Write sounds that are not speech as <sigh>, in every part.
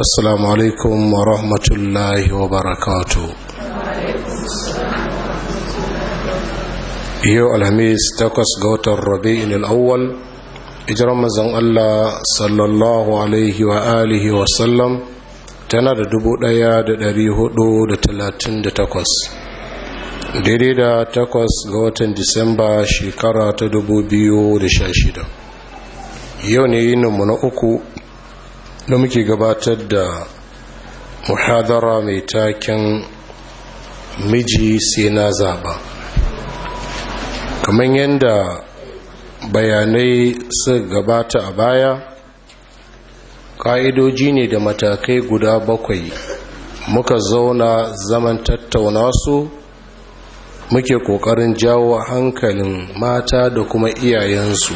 Asalamu alaikum wa rahmatullahi wa barakato. Yau alhamis takwas ga watan Rabai al'an al'awwal, ijaran mazan Allah (SAW) tana da dubu ɗaya da dari hudu da talatin da takwas, daidai da takwas ga watan Disamba shekara ta dubu biyu da sha shida, yau ne yi nummu na uku. da muke gabatar da muhadara mai taken miji sai na zaba kamar yadda bayanai su gabata a baya ƙa'idoji ne da matakai guda bakwai muka zauna zaman tattauna su muke ƙoƙarin jawo hankalin mata da kuma iyayensu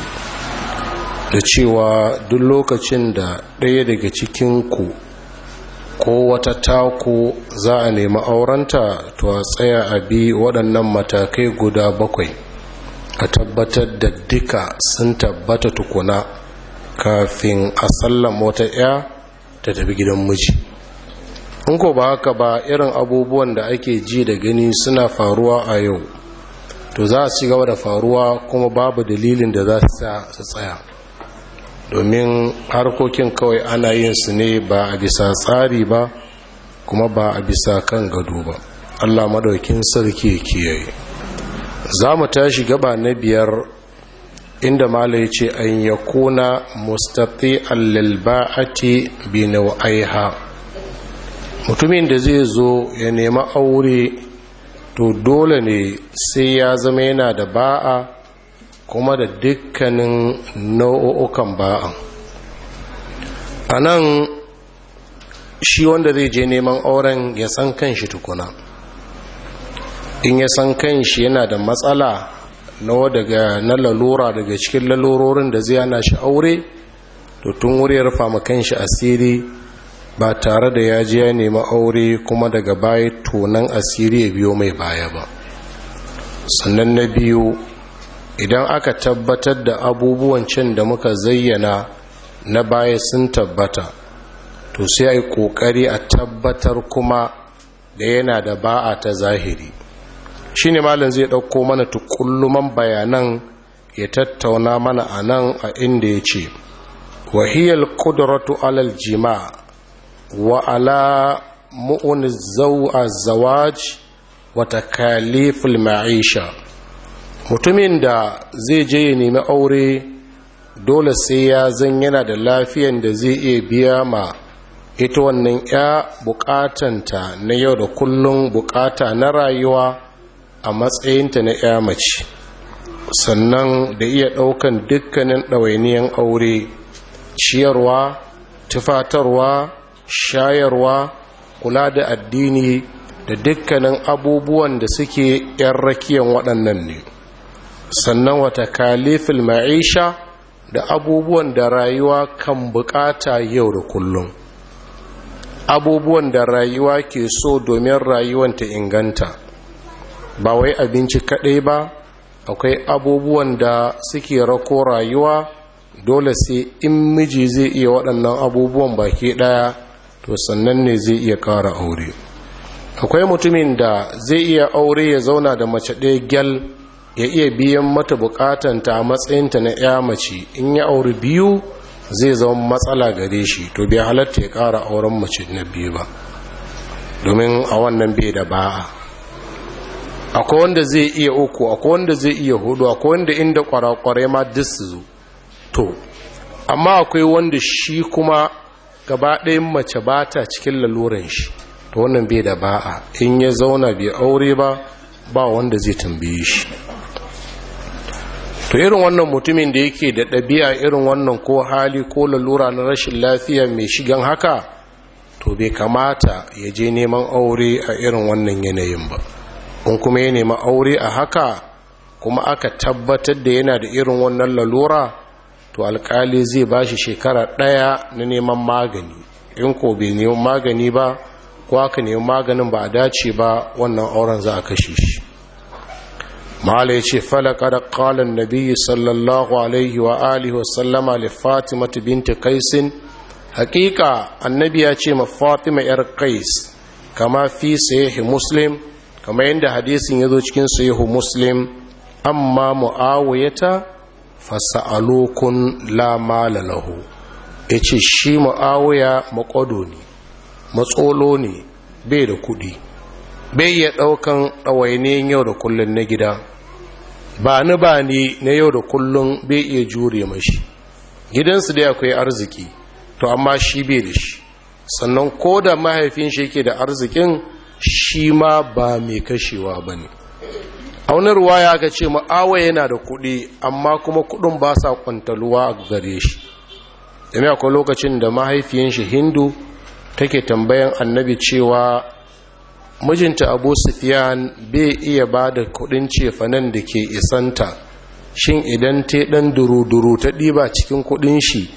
da cewa duk lokacin da ɗaya daga cikinku ko wata taku za a nemi aurenta to a tsaya a bi waɗannan matakai guda bakwai a tabbatar da duka sun tabbata tukuna kafin a sallama wata 'ya ta tafi gidan miji in ko ba haka ba irin abubuwan da ake ji da gani suna faruwa a yau to za a ci gaba da faruwa kuma babu dalilin da za su tsaya domin harkokin kawai ana yin su ne ba a bisa tsari ba kuma ba a bisa kan gado ba allah maɗaukin sarki kiyaye za mu tashi gaba na biyar inda mala ya ce an ya kuna mustati allilba'ati binau aiha mutumin da zai zo ya nema aure to dole ne sai ya zama yana da ba'a kuma da dukkanin nau'ukan ba'an a nan shi wanda zai je neman auren ya san kan shi tukuna in ya san kan shi yana da matsala na daga na lalura daga cikin lalurorin da zai yana shi aure to tun wuri ya rufa shi asiri ba tare da ya je ya nemi aure kuma daga baya tonan asiri ya biyo mai baya ba sannan na biyu idan aka tabbatar da abubuwan cin da muka zayyana na baya sun tabbata to sai a yi ƙoƙari a tabbatar kuma da yana da ba'a ta zahiri shi ne malin zai ɗauko mana tukulluman bayanan ya tattauna mana a nan a inda ya ce wahiyar ƙudurattu alal jima wa ala mu'un zawaj wata kalifin ma'isha mutumin da zai je ya nemi aure dole sai ya zan yana da lafiyan da zai iya biya ma ita wannan ya bukatanta na yau da kullum bukata na rayuwa a matsayinta na ya mace sannan da iya daukan dukkanin ɗawainiyan aure ciyarwa tufatarwa shayarwa kula da addini da dukkanin abubuwan da suke yan rakiyan waɗannan ne sannan wata kalifin ma'isha da abubuwan da rayuwa kan bukata yau da kullum abubuwan da rayuwa ke so domin rayuwan ta inganta ba wai abinci kadai ba akwai abubuwan da suke rako rayuwa dole sai in miji zai iya waɗannan abubuwan baki ɗaya to sannan ne zai iya ƙara aure akwai mutumin da zai iya aure ya zauna da mace ɗaya gyal ya iya biyan mata bukatanta a matsayinta na ya mace in ya auri biyu zai zama matsala gare shi to bai halatta ya kara auren mace na biyu ba domin a wannan bai da ba'a akwai wanda zai iya uku akwai wanda zai iya hudu akwai wanda inda kwarakwarai ma disu zu to amma akwai wanda shi kuma gaba ɗayan mace ba ta cikin laluran shi to wannan bai da ba'a in ya zauna bai aure ba ba wanda zai tambaye shi to irin wannan mutumin da yake da ɗabi'a irin wannan ko hali ko lalura na rashin lafiya mai shigan haka to bai kamata ya je neman aure a irin wannan yanayin ba in kuma ya nema aure a haka kuma aka tabbatar da yana da irin wannan lalura to alkali zai ba shi shekara ɗaya na neman magani in ko bai neman magani ba ko aka neman maganin ba a dace ba wannan auren za a kashe shi mala ya ce falakar na biyu sallallahu alaihi wa alihi wasallama li fatima binta kaisin hakika annabi ya ce ma fatima yar kais kama fi sahihi muslim kama yadda hadisin ya zo cikin sahihu muslim amma mu'awiyata fasa'alukun la mala lahu ya ce shi mu'awiya makwado ne matsolo ne bai da kuɗi bai ya ɗaukan ɗawainiyin yau da kullum na gida ba ni ba ni na yau da kullum bai iya jure mashi gidansu da akwai arziki to amma shi bai da shi sannan ko da mahaifin shi yake da arzikin shi ma ba mai kashewa ba ne aunar waya aka ce ma'awa yana da kuɗi amma kuma kuɗin ba sa kwantaluwa a gare shi da akwai lokacin da mahaifiyan shi hindu take tambayan annabi cewa mijinta abu sufiyan bai iya ba da kudin cefanen da ke isanta shin idan ta dan duru-duru ta ɗiba cikin kudin shi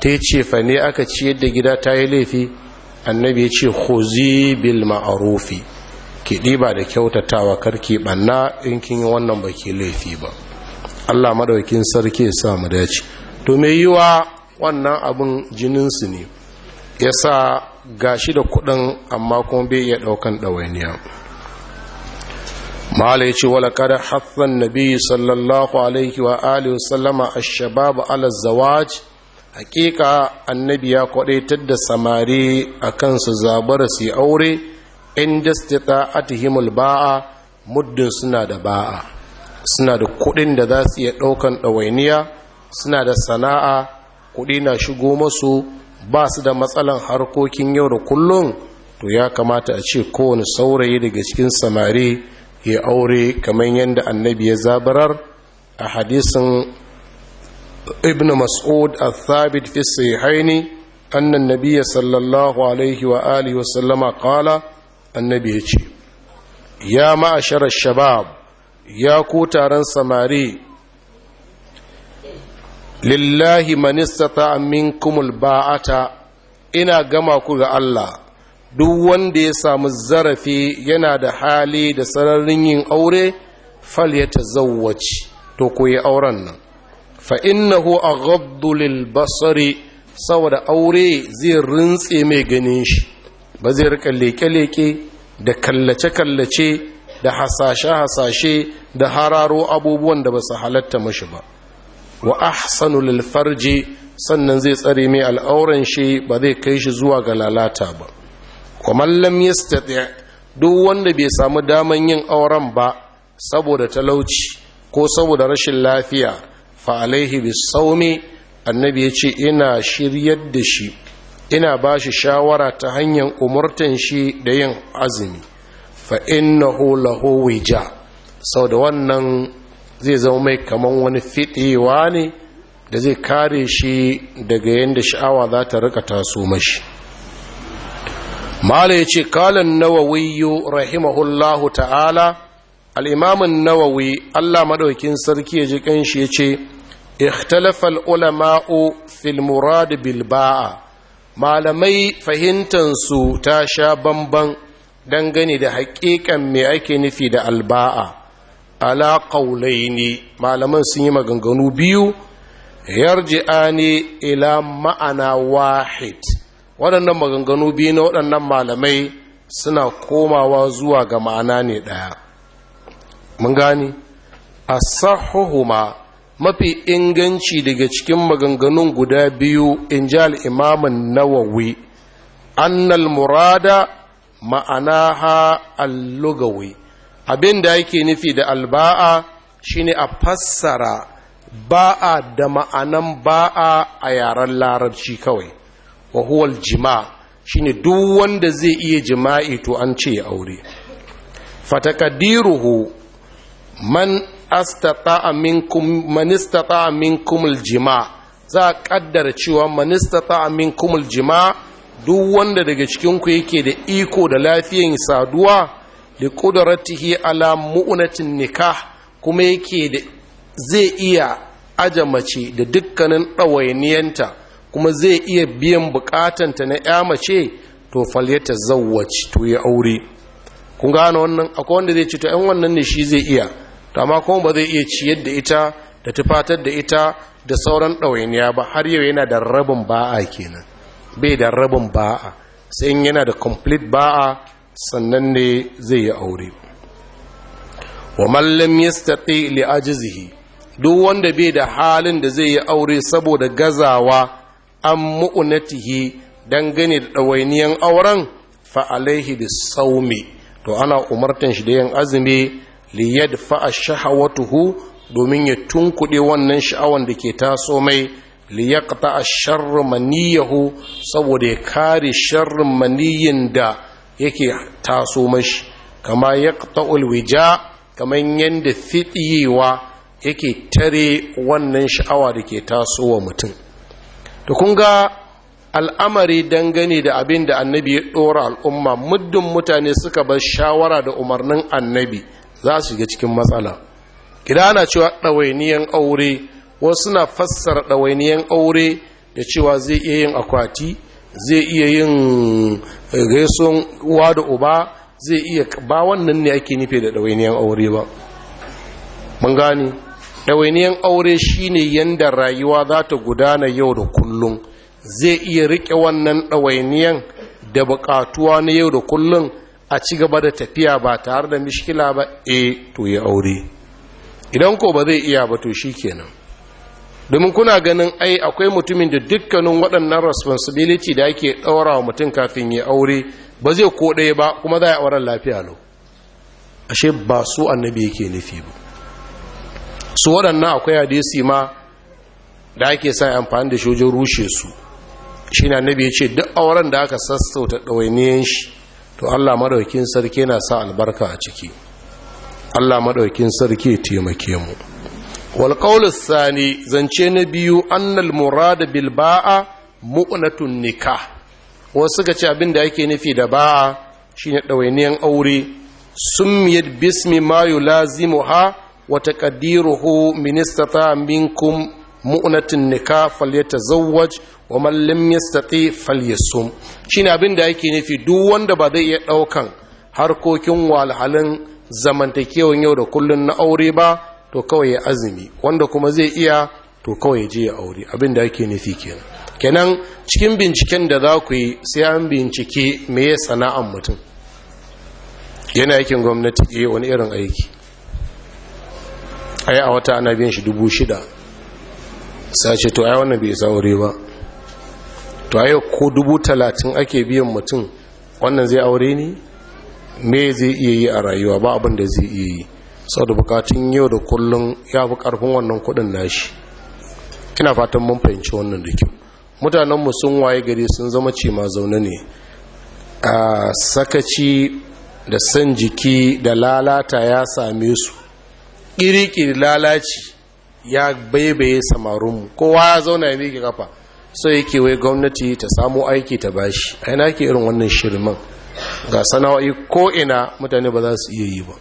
ta yi cefane aka ciyar da gida ta yi laifi annabi ya ce hozi bil ma'arufi ki ɗiba da kyautatawa karki ɓanna in kin yi wannan ba ke laifi ba allah madaukin sarki ya sa mu dace to mai wa wannan abin jininsu ne ya sa gashi da kudin amma kuma bai iya daukan ɗawainiya mahala ya ce wala kada hathan nabi sallallahu alaihi wa alihi sallama shababu ala zawaj hakika annabi ya kwadaitar da samari kan su zabara su aure inda atihimul ba'a muddin suna da ba'a suna da kudin da za su iya daukan ɗawainiya suna da sana'a kudi na shigo masu ba su da matsalan harkokin yau da kullum to ya kamata a ce kowane saurayi daga cikin samari ya aure kamar yadda annabi ya zabarar a hadisin ibn mas'ud al-thabit fi sahihaini annan nabiyya sallallahu alaihi wa alihi wa sallama qala annabi ya ce ya ma'ashara shabab ya ku taron samari lillahi manistata kumul ba'ata ina gama ku ga Allah duk wanda ya samu zarafi yana da hali da sararin yin aure fal ya tazawwaci to ku yi auren nan fa innahu aghaddu lil basari saboda aure zai rintse mai ganin shi ba zai rika leke-leke da kallace-kallace da hasashe-hasashe da hararo abubuwan da ba su halatta mashi ba wa ahsanu lil farji sannan zai tsare mai al'auran shi ba zai kai shi zuwa ga lalata ba kuma lam yastati duk wanda bai samu daman yin auren ba saboda talauci ko saboda rashin lafiya fa alaihi bis saumi annabi ya ce ina shiryar da shi ina ba shi shawara ta hanyar umurtan shi da yin azumi fa innahu lahu wija sau da wannan zai zama mai kamar wani fiɗewa ne da zai kare shi daga yadda sha'awa za ta rika taso mashi mala ya ce kalan nawawiyu rahimahullahu ta'ala al'imamin nawawi allah maɗaukin sarki ya ji ƙanshi ya ce ikhtalafal ulama'u fil bilba'a malamai fahimtansu ta sha bamban dangane da haƙiƙan me ake nufi da alba'a ala ne malaman sun yi maganganu biyu yarji'ani ila ma'ana wahid waɗannan maganganu biyu na waɗannan malamai suna komawa zuwa ga ma'ana ne ɗaya mun gani asahuhuma mafi inganci daga cikin maganganun guda biyu in ji al'imamin nawawi annal murada ma'anaha allugawi abin da yake nufi da alba'a shine a fassara ba'a da ma'anan ba'a a yaren larabci kawai wa huwal jima shine duk wanda zai iya jima'i to an ce aure fatakadiruhu man astata'a minkum man istata'a minkum aljima za a kaddara cewa man istata'a minkum aljima duk wanda daga cikin ku yake da iko da lafiyan saduwa li qudratihi ala mu'unatin nikah kuma yake zai iya aja mace da dukkanin ɗawainiyanta kuma zai iya biyan bukatanta na ya mace to falyata zawwaci to ya aure kun gane wannan akwai wanda zai ci to ɗan wannan ne shi zai iya to amma kuma ba zai iya ciyar da ita da tufatar da ita da sauran ɗawainiya ba har yau yana da rabin ba'a kenan bai da rabin ba'a sai yana da complete ba'a sannan ne zai yi aure wa mallam yastati li ajzihi duk wanda bai da halin da zai yi aure saboda gazawa an mu'unatihi dangane da ɗawainiyan auren fa alaihi bis saumi to ana umartan shi da yin azumi li yadfa shahawatuhu domin ya tunkuɗe wannan sha'awan da ke taso mai li yaqta ash-sharr maniyahu saboda ya kare sharrin maniyin da yake taso mashi kama ta'ul wija kaman yadda fitiyewa yake tare wannan sha'awa da ke tasowa mutum to kun ga al'amari dangane da abin da annabi ya ɗora al'umma muddin mutane suka bar shawara da umarnin annabi za su shiga cikin matsala Gida ana cewa ɗawainiyan aure wasu na fassara ɗawainiyan aure da cewa zai iya yin akwati zai iya yin eh, gaison uwa da uba zai iya ba wannan ne ake nufi da ɗawainiyan aure ba mun gani ɗawainiyan aure shine yanda rayuwa za ta gudana yau da kullum zai iya riƙe wannan ɗawainiyan da buƙatuwa na yau da kullum a ci gaba da tafiya ba tare da mishkila ba e to ya aure idan ko ba zai iya ba to shi kenan domin kuna ganin ai akwai mutumin da dukkanin waɗannan responsibility da ake ɗaura wa mutum kafin ya aure ba zai ko ɗaya ba kuma za a auren lafiya lo ashe ba su annabi yake nufi ba su waɗannan akwai hadisi ma da ake sa amfani da shojin rushe su shi na annabi ya ce duk auren da aka sassauta ɗawainiyan shi to allah maɗaukin sarki yana sa albarka a ciki allah maɗaukin sarki ya taimake mu والقول sani zance na biyu annal murada bil ba'a mu'natun nikah wasu ga ce abin da ake nufi da ba'a shine dawainiyan aure summiyat bismi ma yulazimuha wa taqdiruhu min istata minkum mu'natun nikah falyatazawwaj wa man lam yastati falyasum shine abin da ake nufi duk wanda ba zai iya ɗaukan harkokin walhalin zamantakewan yau da kullun na aure ba to kawai ya azumi wanda kuma zai iya to kawai ya je ya aure abin da ake nufi kenan kenan cikin binciken da za ku yi sai an bincike me ya sana'an mutum yana aikin gwamnati eh wani irin aiki ai a wata ana biyan shi dubu shida sace to ai wannan bai aure ba to ai ko dubu talatin ake biyan mutum wannan zai aure ne me zai iya yi a rayuwa ba abin da zai iya yi sau da bukatun yau da kullum ya fi karfin wannan kudin nashi ina fatan mun fahimci wannan da kyau mutanenmu sun waye gari sun zama ce ma zaune ne a sakaci da san jiki da lalata ya same su ƙiriƙiri lalaci ya baibaye samarinmu kowa ya zauna ya miki kafa so yake wai gwamnati ta samu aiki ta bashi a yana ke irin wannan shirman ga sana'o'i ko ina mutane ba za su iya yi ba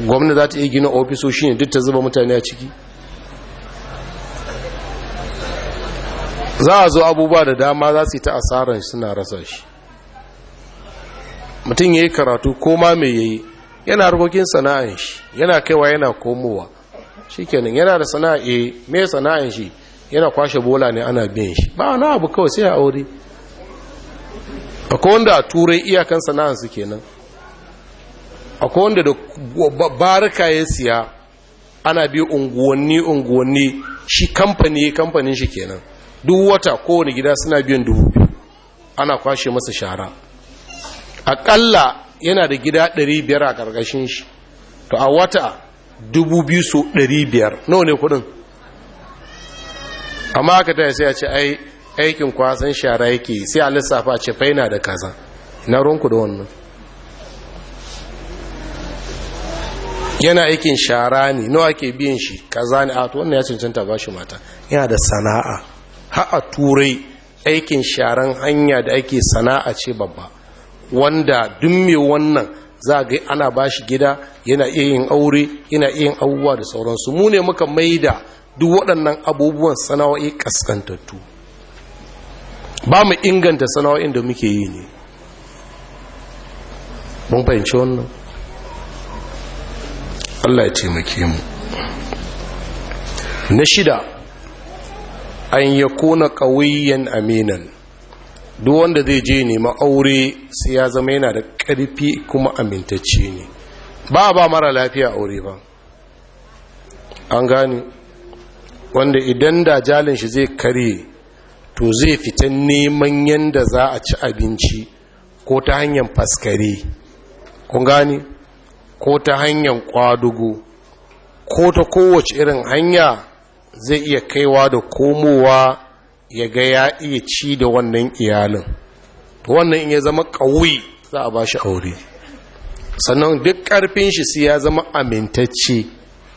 gwamna za ta iya gina ofisoshi ne duk ta zuba mutane a ciki za a zo abubuwa da dama za su yi ta asarar suna rasa shi mutum ya yi karatu ko ma mai yayi yana harkokin sana'an shi yana kaiwa yana komowa Shi kenan yana da sana'a e me sana'an shi yana kwashe bola ne ana biyan shi ba wani abu kawai sai a aure akwai wanda a turai iyakan sana'an su kenan akwai wanda da barika ya siya ana bi unguwanni unguwanni shi kamfani kamfanin shi kenan duk wata kowane gida suna biyan dubu biyu ana kwashe masa shara aƙalla yana da gida 500 a ƙarƙashin shi to a wata 2,000 500 nawa ne kudin amma aka ta sai a ce aikin kwasan shara yake sai a lissafa ce faina da kaza na ronku da wannan yana aikin shara ne nawa ke biyan shi kaza ne a to wannan ya cancanta ba shi mata yana da sana'a ha a turai aikin sharan hanya da ake sana'a ce babba wanda duk me wannan za ga ana ba shi gida yana iya yin aure yana iya yin abubuwa da sauransu mu ne muka maida duk waɗannan abubuwan sana'o'i kaskantattu ba mu inganta sana'o'in da muke yi ne mun fahimci wannan Allah ya taimake mu na shida an ya kona ƙawiyyan aminan duk wanda zai je nema aure sai ya zama yana da ƙarfi kuma amintacce ne ba ba mara lafiya aure ba an gane wanda idan da jalin shi zai kare to zai fita neman yadda za a ci abinci ko ta hanyar faskare kun ko ta hanyar kwadugu ko ta kowace irin hanya zai iya kaiwa da komowa ya ga ya iya ci da wannan iyalin wannan in ya zama kawai za a ba shi aure sannan duk karfin shi sai ya zama amintacce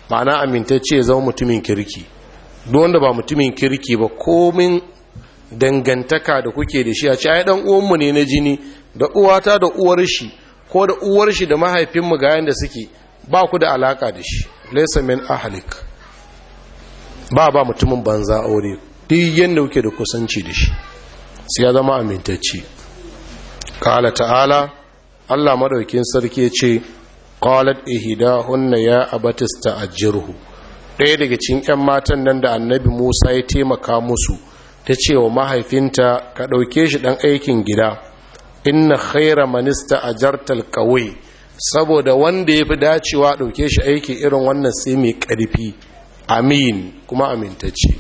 ma'ana amintacce ya zama mutumin kirki duk wanda ba mutumin kirki ba komin dangantaka da kuke da shi a ci ai dan uwanmu ne na jini da uwata da uwar shi ko da uwar shi da mahaifinmu ga da suke ba ku da alaka da shi laysa min ahlik ba ba mutumin banza aure duk yanda kuke da kusanci da shi sai ya zama amintacce. qala ta'ala Allah madaukin sarki ya ce qalat ihdahunna ya a ajruhu ɗaya daga cikin 'yan matan nan da annabi musa ya taimaka musu ta ce wa mahaifinta ka ɗauke shi dan aikin gida inna khaira manista jartal kawai saboda wanda ya fi dacewa ɗauke shi aiki irin wannan sai mai ƙarfi amin kuma amintacce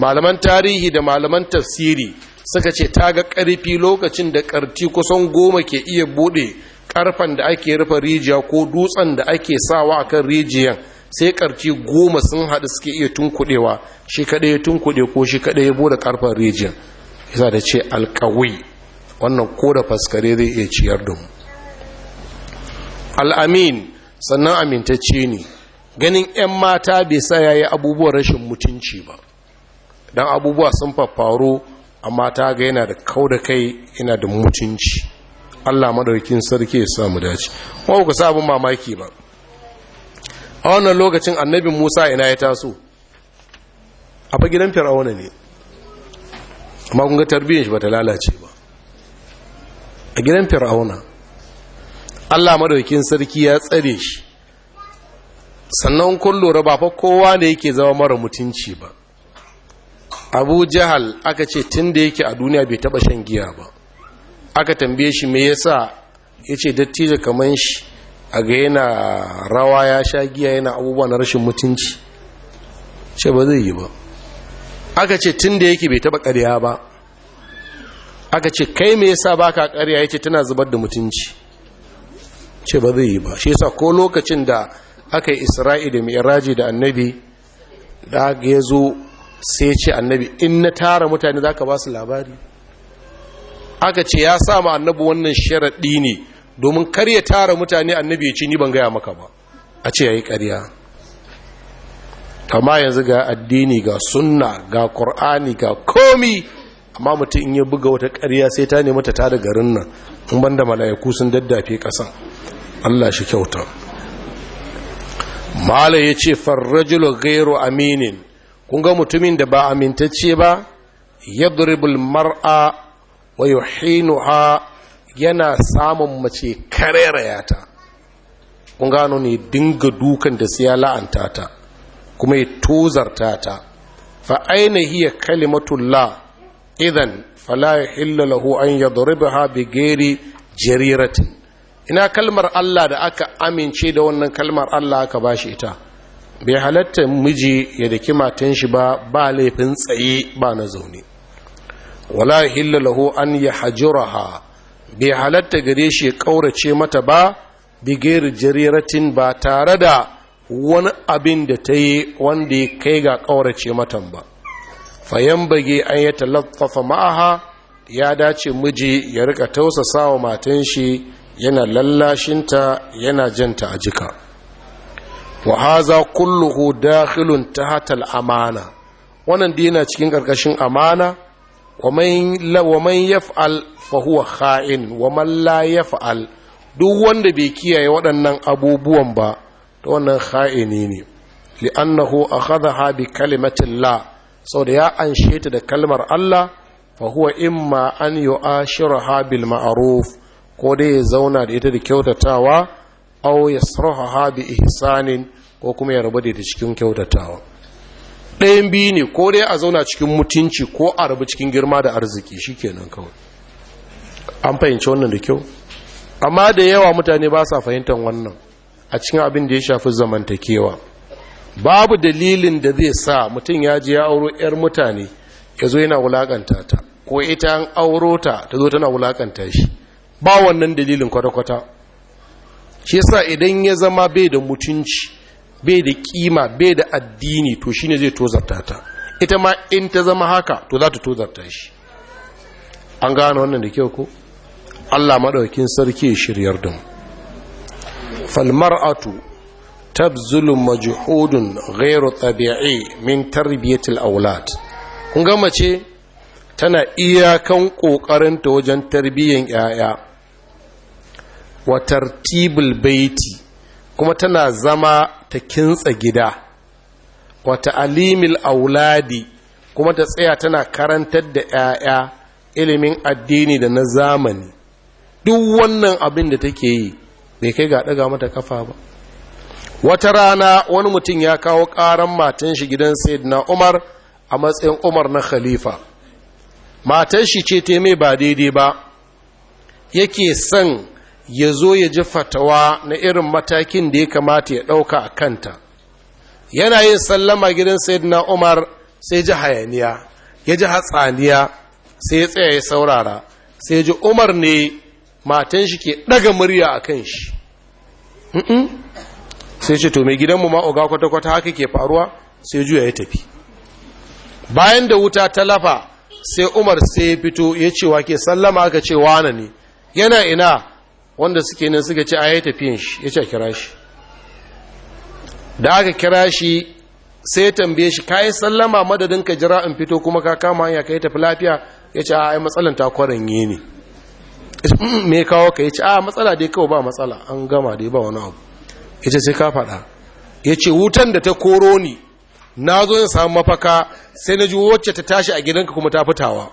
malaman tarihi da malaman tafsiri suka ce ta ga ƙarfi lokacin da ƙarti kusan goma ke iya buɗe ƙarfan da ake rufe rijiya ko dutsen da ake sawa akan rijiyan sai ƙarti goma sun haɗu suke iya tunkuɗewa shi kaɗai ya tunkuɗe ko shi kaɗai ya buɗe ƙarfan rijiyan yasa da ce alƙawai wannan ko da faskare zai iya ciyar da mu al'amin sannan amintacce ne ganin 'yan mata bai sa ya yi abubuwan rashin mutunci ba don abubuwa sun faffaro a mata ga yana da kau da kai yana da mutunci allah maɗaukin sarki ya samu dace ba ku sa abin mamaki ba a wannan lokacin annabi musa ina ya taso a fa gidan fir'auna ne amma kun tarbiyyar shi ba ta lalace ba a gidan fir'auna allah madaukin sarki ya tsare shi sannan kun lura ba fa kowa ne yake zama mara mutunci ba abu jahal aka ce tun da yake a duniya bai taba shan giya ba aka tambaye shi me yasa yace ce dattijo kamar shi a ga yana rawa ya sha giya yana abubuwa na rashin mutunci ce ba zai yi ba aka ce tun da yake bai taba karya ba aka ce kai me yasa baka ƙarya yace tana zubar da mutunci ce ba zai yi ba shi yasa ko lokacin da aka yi Isra'i da Mi'raji da Annabi da yi zo sai ce Annabi in na tara mutane zaka ba su labari aka ce ya sa ma Annabi wannan sharaɗi ne domin kar ya tara mutane Annabi ya ce ni ban gaya maka ba a ce yayi karya. kama yanzu ga addini ga sunna ga ƙur'ani ga komi amma mutum in ya buga wata ƙarya sai ta nemi ta tada garin nan in banda mala'iku sun daddafe ƙasan Allah shi kyauta mala ya ce farrajulu gairu aminin kun ga mutumin da ba amintacce ba duribul mar'a wa ha, yana samun mace ya ta kun gano ne dinga dukan da siya la'anta ta kuma ya tozarta ta fa ya ya kalimatullah idan fala yahillu an yadribaha ha bigeri jariratin ina kalmar Allah da aka amince da wannan kalmar Allah aka bashi ita bai halatta miji ya daki matan shi ba ba laifin tsaye ba na zaune wala an ya an ha, bai halatta gare shi ya ƙaurace mata ba bigeri ghairi jariratin ba tare da wani abin da ta yi wanda ya kai ga ƙaurace matan ba fayan bage an ya talaffafa ma'aha ya dace miji ya rika tausasa wa matan shi yana lallashinta yana janta a jika wa haza kulluhu dakhilun tahta al-amana wannan dina cikin karkashin amana wa man yaf'al fa huwa kha'in wa man la yaf'al duk wanda bai kiyaye waɗannan abubuwan ba to wannan kha'ini ne li'annahu akhadha bi kalimatin la Sau da ya anshe ta da kalmar Allah fahuwa in imma an yu'ashiraha bil ma'aruf ko dai ya zauna da ita da kyautatawa au ya yasraha habi ihsanin ko kuma ya rabu da ita cikin kyautatawa ɗayan biyu ne ko dai a zauna cikin mutunci ko a rabu cikin girma da arziki shi kenan kawai an fahimci wannan da kyau amma da yawa mutane ba sa fahimtar wannan a cikin abin da ya shafi zamantakewa babu dalilin da zai sa mutum ya ji ya auro 'yar mutane ya zo yana wulakanta ta ko ita an auro ta ta zo tana wulakanta shi ba wannan dalilin kwata-kwata shi sa idan ya zama bai da mutunci bai da kima bai da addini to shi ne zai tozarta ta ita ma in ta zama haka to za ta tozarta shi an gane wannan da kyau ko Allah maɗaukin sarki shiryar Falmar falmar'atu tabzulu majhudun ghairu tabi'i min tarbiyatil aulad kun ga mace tana iyakan ƙoƙarinta wajen tarbiyyan yaya wa tartibul baiti kuma tana zama ta kintsa gida wa alimil auladi kuma ta tsaya tana karantar da yaya ilimin addini da na zamani duk wannan abin da take yi bai kai ga daga mata kafa ba wata rana wani mutum ya kawo ƙaran matan shi gidan sayyidina umar a matsayin umar na khalifa matan shi ce ta mai ba daidai ba yake son ya zo ya ji fatawa na irin matakin da ya kamata ya ɗauka a kanta yana yin sallama gidan sayyidina umar sai ji hayaniya ya ji hatsaniya sai ya tsaye saurara sai ji umar ne matan shi ke ɗaga murya a kan shi sai ce to mai gidanmu ma oga kwata-kwata haka ke faruwa sai juya ya tafi bayan da wuta ta lafa sai umar sai ya fito ya ce wa ke sallama aka ce wane ne yana ina wanda suke nan suka ce a ya yin shi ya ce kira shi da aka kira shi sai tambaye shi ka yi sallama madadin ka jira in fito kuma ka kama hanya ka yi tafi lafiya ya ce a matsalan ta kwaranye ne <laughs> me kawo ka yi, ce a matsala dai kawai ba matsala an gama dai ba wani abu ya ce sai ka faɗa ya ce wutan da ta koro ni na zo ya samu mafaka sai na ji wacce ta tashi a gidanka kuma ta fitawa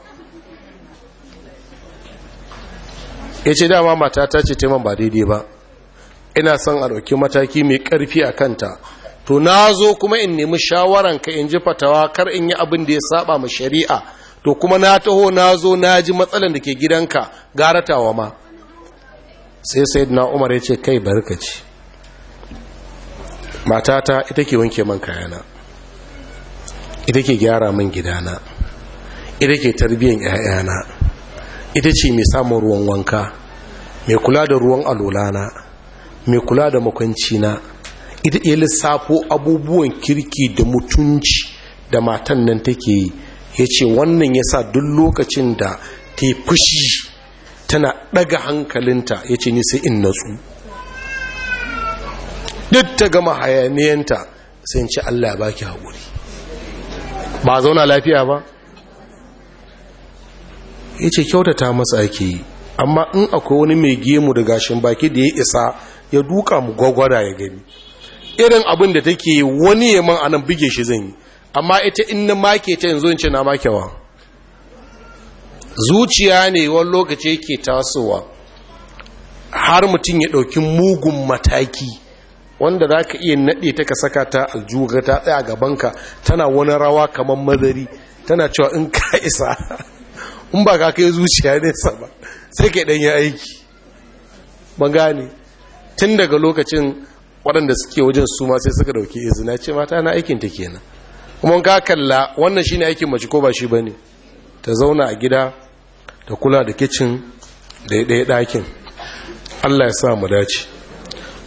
ya ce dama mata ta ce taiman ba daidai ba ina son a ɗauki mataki mai ƙarfi a kanta to na zo kuma in nemi shawaran ka in ji fatawa kar in yi abin da ya saba ma shari'a to kuma na taho na zo na ji matsalan da ke gidanka garatawa ma sai na umar ya ce kai barkaci matata ita ke wanke man kayana ita ke gyara man gidana ita ke tarbiyyar 'ya'yana ita ce mai samun ruwan wanka mai kula da ruwan alolana mai kula da makwancina ita iya lissafo abubuwan kirki da mutunci da matan nan take yi ya ce wannan ya sa duk lokacin da ta fushi tana ɗaga hankalinta ya ce nisa in natsu duk ta gama hayaniyanta sai ci Allah ba ki haƙuri ba zauna lafiya ba ya ce kyautata masa ake yi amma in akwai wani mai gemu da gashin baki da ya isa ya duka mu gwagwada ya gani irin abin da take wani yaman a nan buge shi zan yi amma ita in na make ta yanzu ce na makewa zuciya ne wani lokaci yake tasowa har mutum ya ɗauki mugun mataki wanda za ka iya naɗe ta ka saka ta aljuga ta tsaya gabanka tana wani rawa kamar madari tana cewa in ka <laughs> isa in ba ka kai zuciya nesa ba sai ka ɗan yi aiki ban tun daga lokacin waɗanda suke wajen su ma sai suka ɗauki izina ce mata na aikin ta kenan kuma ka kalla wannan shine aikin mace ko ba shi bane ta zauna a gida ta kula da kicin da ɗaya ɗakin Allah ya sa mu dace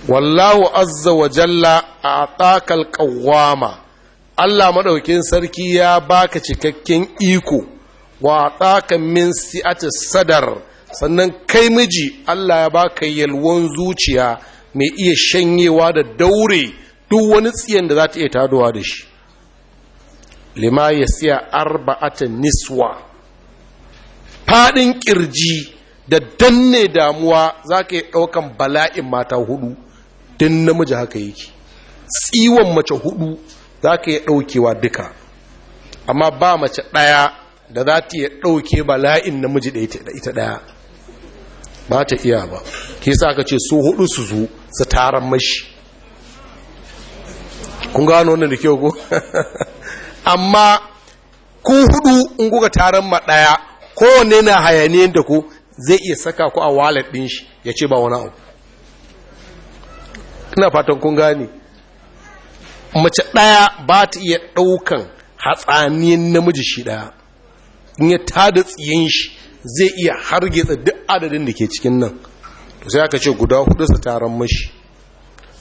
wallahu azza wa jalla a takal kawama Allah maɗaukin sarki ya baka cikakken iko wa taka min sadar sannan kai miji Allah ya baka yalwan zuciya mai iya shanyewa da daure duk wani tsiyan da za ta iya tadowa da shi lima ya siya arba'ata niswa faɗin ƙirji da danne damuwa za ka yi ɗaukan bala'in mata hudu din namiji haka yake tsiwon mace hudu za ka yi ɗaukewa duka amma ba mace ɗaya da za ta yi ɗauke la'in namiji da ita ɗaya ba ta iya ba ke sa ka ce so hudu su zu su taron mashi kun gano wannan da kyau ko <laughs> amma ku hudu in kuka taron ma ɗaya kowane na hayaniyar da ku zai iya saka ku a walet ɗin shi ya ce ba wani abu ina fatan kun gane mace ɗaya ba ta iya ɗaukan hatsaniyar namiji shi ɗaya in ya tada tsiyen shi zai iya hargitsa duk adadin da ke cikin nan to sai aka ce guda hudu su taron mashi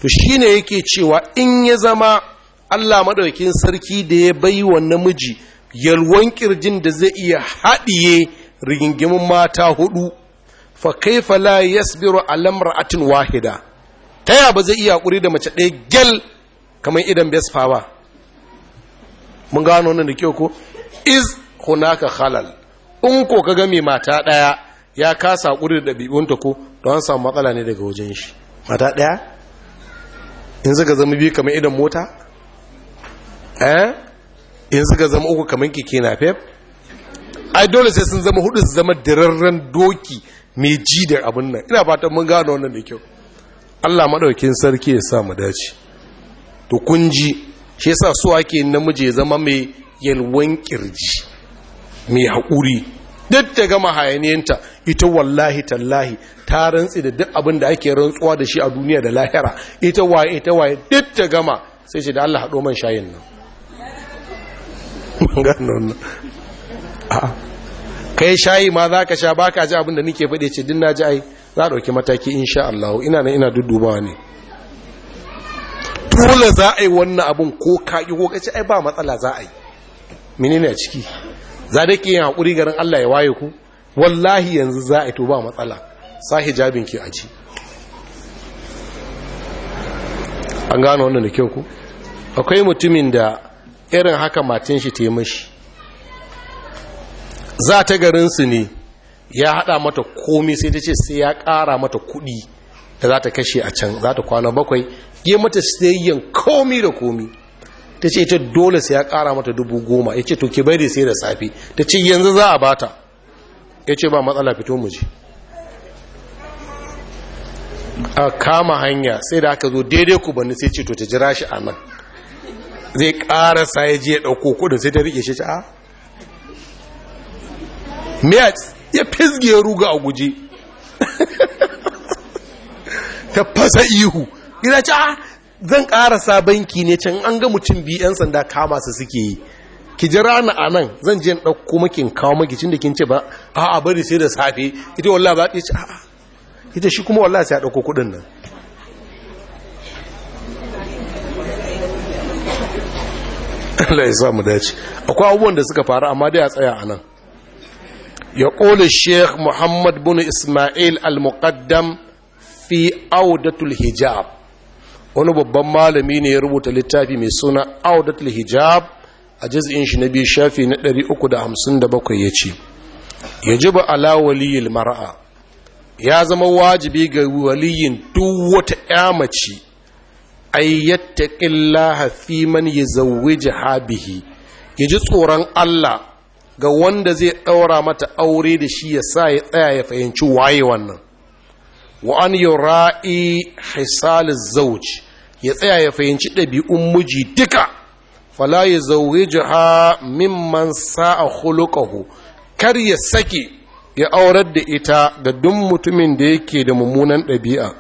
to shi ne yake cewa in ya zama Allah madaukin sarki da ya bai wa namiji yalwan kirjin da zai iya haɗiye rigingimin mata hudu fa kaifa la yasbiru a atin wahida ta yaba zai iya haƙuri da mace ɗaya gel kamar idan besfa ba mun gano wannan da kyau ko iz hunaka halal in ko ka ga mai mata ɗaya ya kasa haƙuri da ɗabi'unta ko don samu matsala ne daga wajen shi mata ɗaya in suka zama biyu kamar idan mota eh in suka zama uku kamar keke na fef ai dole sai sun zama hudu su zama dirarren doki mai ji da abin nan ina fatan mun gano wannan da kyau Allah maɗaukin sarki ya sa mu dace to kun ji shi yasa su ake namiji ya zama mai yalwan kirji mai haƙuri duk ta gama hayaniyanta ita wallahi tallahi ta rantsi da duk abin da ake rantsuwa da shi a duniya da lahira ita waye ita waye duk ta gama sai shi da Allah haɗo man shayin nan kai shayi ma za ka sha ba ka ji abin da nake faɗe ce din na ji ai za a ɗauki mataki insha Allah ina nan ina dubawa ne Tula za a yi wannan abin ko kaƙi ko kaci ai ba matsala za a yi menene a ciki za da ke yin haƙuri garin Allah ya waye ku wallahi yanzu za a yi to ba matsala sa hijabin ke aji an gano wannan da kyau ku akwai mutumin da irin haka matin shi mashi. za ta garinsu ne ya hada mata komi sai ta ce sai ya kara mata kudi da za ta kashe a can za ta kwana bakwai ya mata sayayyan komi da komi ta ce ita dole sai ya kara mata dubu goma ya ce to ki bari sai da safe ta ce yanzu za a bata ya ce ba matsala fito mu je a kama hanya sai da aka zo daidai ku bani sai ce to ta jira shi a nan zai ƙara sa ya je ya ɗauko kudin sai ta rike shi ta ah. a ya ya ruga a guje ta fasa ihu ina ce a ah, zan karasa banki ne can an ga mutum biyu 'yan sanda kama su suke yi ki jira rana a nan zan je ɗauko makin kawo makicin da kin ce ba a a bari sai da safe ita walla ba ce a ita shi kuma walla sai a ɗauko kuɗin nan Allah ya sa mu dace akwai abubuwan da suka faru amma dai a tsaya a nan يقول الشيخ محمد بن إسماعيل المقدم في عودة hijab, wani babban malami ne ya rubuta littafi mai suna audat hijab a jiz'in shi na biyu shafi na da hamsin bakwai ya ce ya ji ba ala waliyil mara'a ya zama wajibi ga waliyin duk wata ya mace ayyattaqillaha fi man ya yuzawwiju jihabihi, ya ji tsoron Allah ga wanda zai ɗaura mata aure da shi ya sa ya tsaya ya fahimci waye wannan wa an ra'i hisalin zauj ya tsaya ya fahimci ɗabi'un muji duka fala ya ha mimman sa'a hulukahu kar ya sake ya aurar da ita ga duk mutumin da yake da mummunan ɗabi'a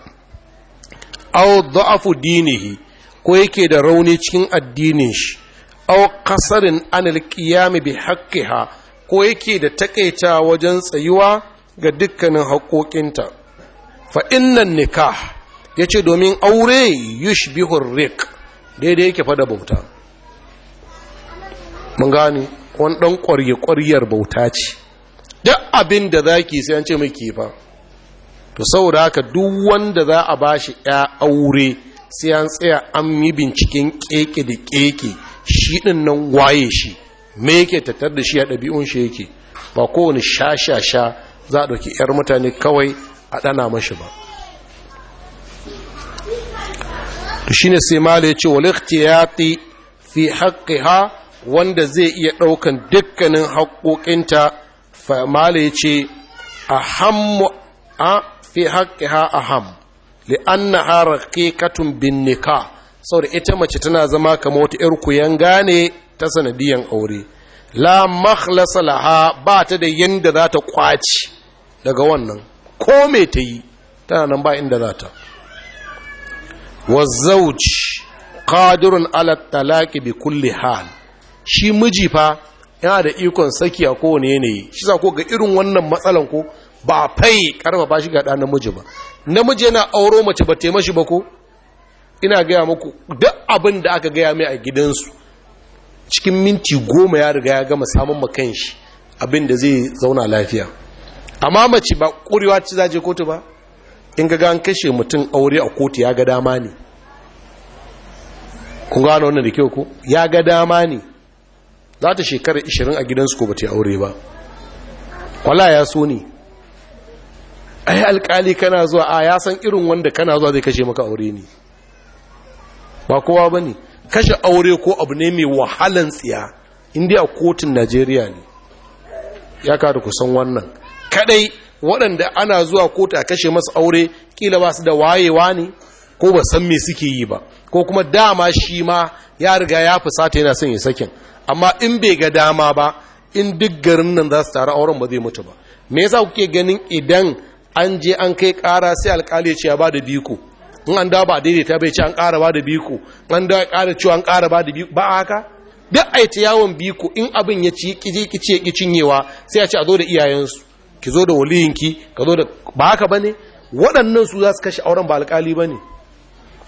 au da'afu dinihi ko yake da rauni cikin addinin shi au kasarin anil qiyam bi haqqiha ko yake da taƙaita wajen tsayuwa ga dukkanin haƙoƙinta fa innan nikah yace domin aure yushbihur rik daidai yake fada bauta mun gani wani ɗan ƙwarye-ƙwaryar bauta ce duk abin da za ki sai an ce mai kifa to saboda haka duk wanda za a bashi shi ya aure sai an tsaya an yi binciken keke da keke shi ɗin nan waye shi me yake tattar da shi a ɗabi'un shi yake ba kowane sha-sha-sha za a ɗauki 'yar mutane kawai a ɗana mashi ba shi ne sai mala ya ce walikhtiyati fi haqqiha wanda zai iya ɗaukan dukkanin haƙoƙinta fa mala ya ce ahammu a fi haqqiha aham li'annaha raqiqatun bin nikah saboda ita mace tana zama kama wata yar kuyanga ne ta sanadiyan aure la makhlasa laha ba ta da yanda za ta kwaci daga wannan ko me ta yi tana nan ba inda za ta Wazauci qadirun ala bi kulli hal shi miji fa yana da ikon saki a kowane yanayi shi sa ko ga irin wannan matsalan ko ba fai karfa ba shi ga ɗan namiji ba namiji yana auro mace ba taimashi ba ko ina gaya muku duk abin da aka gaya mai a gidansu cikin minti goma ya riga ya gama samun makan shi abin da zai zauna lafiya amma mace ba ƙurewa ci zaje kotu ba in ga gan kashe mutum aure a kotu ya ga dama ne kun gano wannan da kyau ko ya ga dama ne za ta shekara 20 a gidansu ko ba ta aure ba wala ya so ne ai alkali kana zuwa a ya san irin wanda kana zuwa zai kashe maka aure ne ba kowa ba ne kashe aure ko abu ne mai wahalan tsiya indiya kotun najeriya ne ya kada kusan wannan kadai waɗanda ana zuwa kotu a kashe masu aure kila ba su da wayewa ne ko ba san me suke yi ba ko kuma dama shi ma ya riga ya fusata yana son ya sakin amma in bai ga dama ba in duk garin nan za su taru auren ba zai mutu ba me yasa kuke ganin idan an je an kai ƙara sai alkali ya ce ya ba da biko in an da ba daidaita bai ce an ƙara ba da biko an da ƙara cewa an ƙara ba da biko ba haka duk a ta yawon biko in abin ya ci kici kici ya cinyewa sai a ce a zo da iyayensu ki zo da waliyinki ka zo da ba haka bane waɗannan su za su kashe auren ba alƙali bane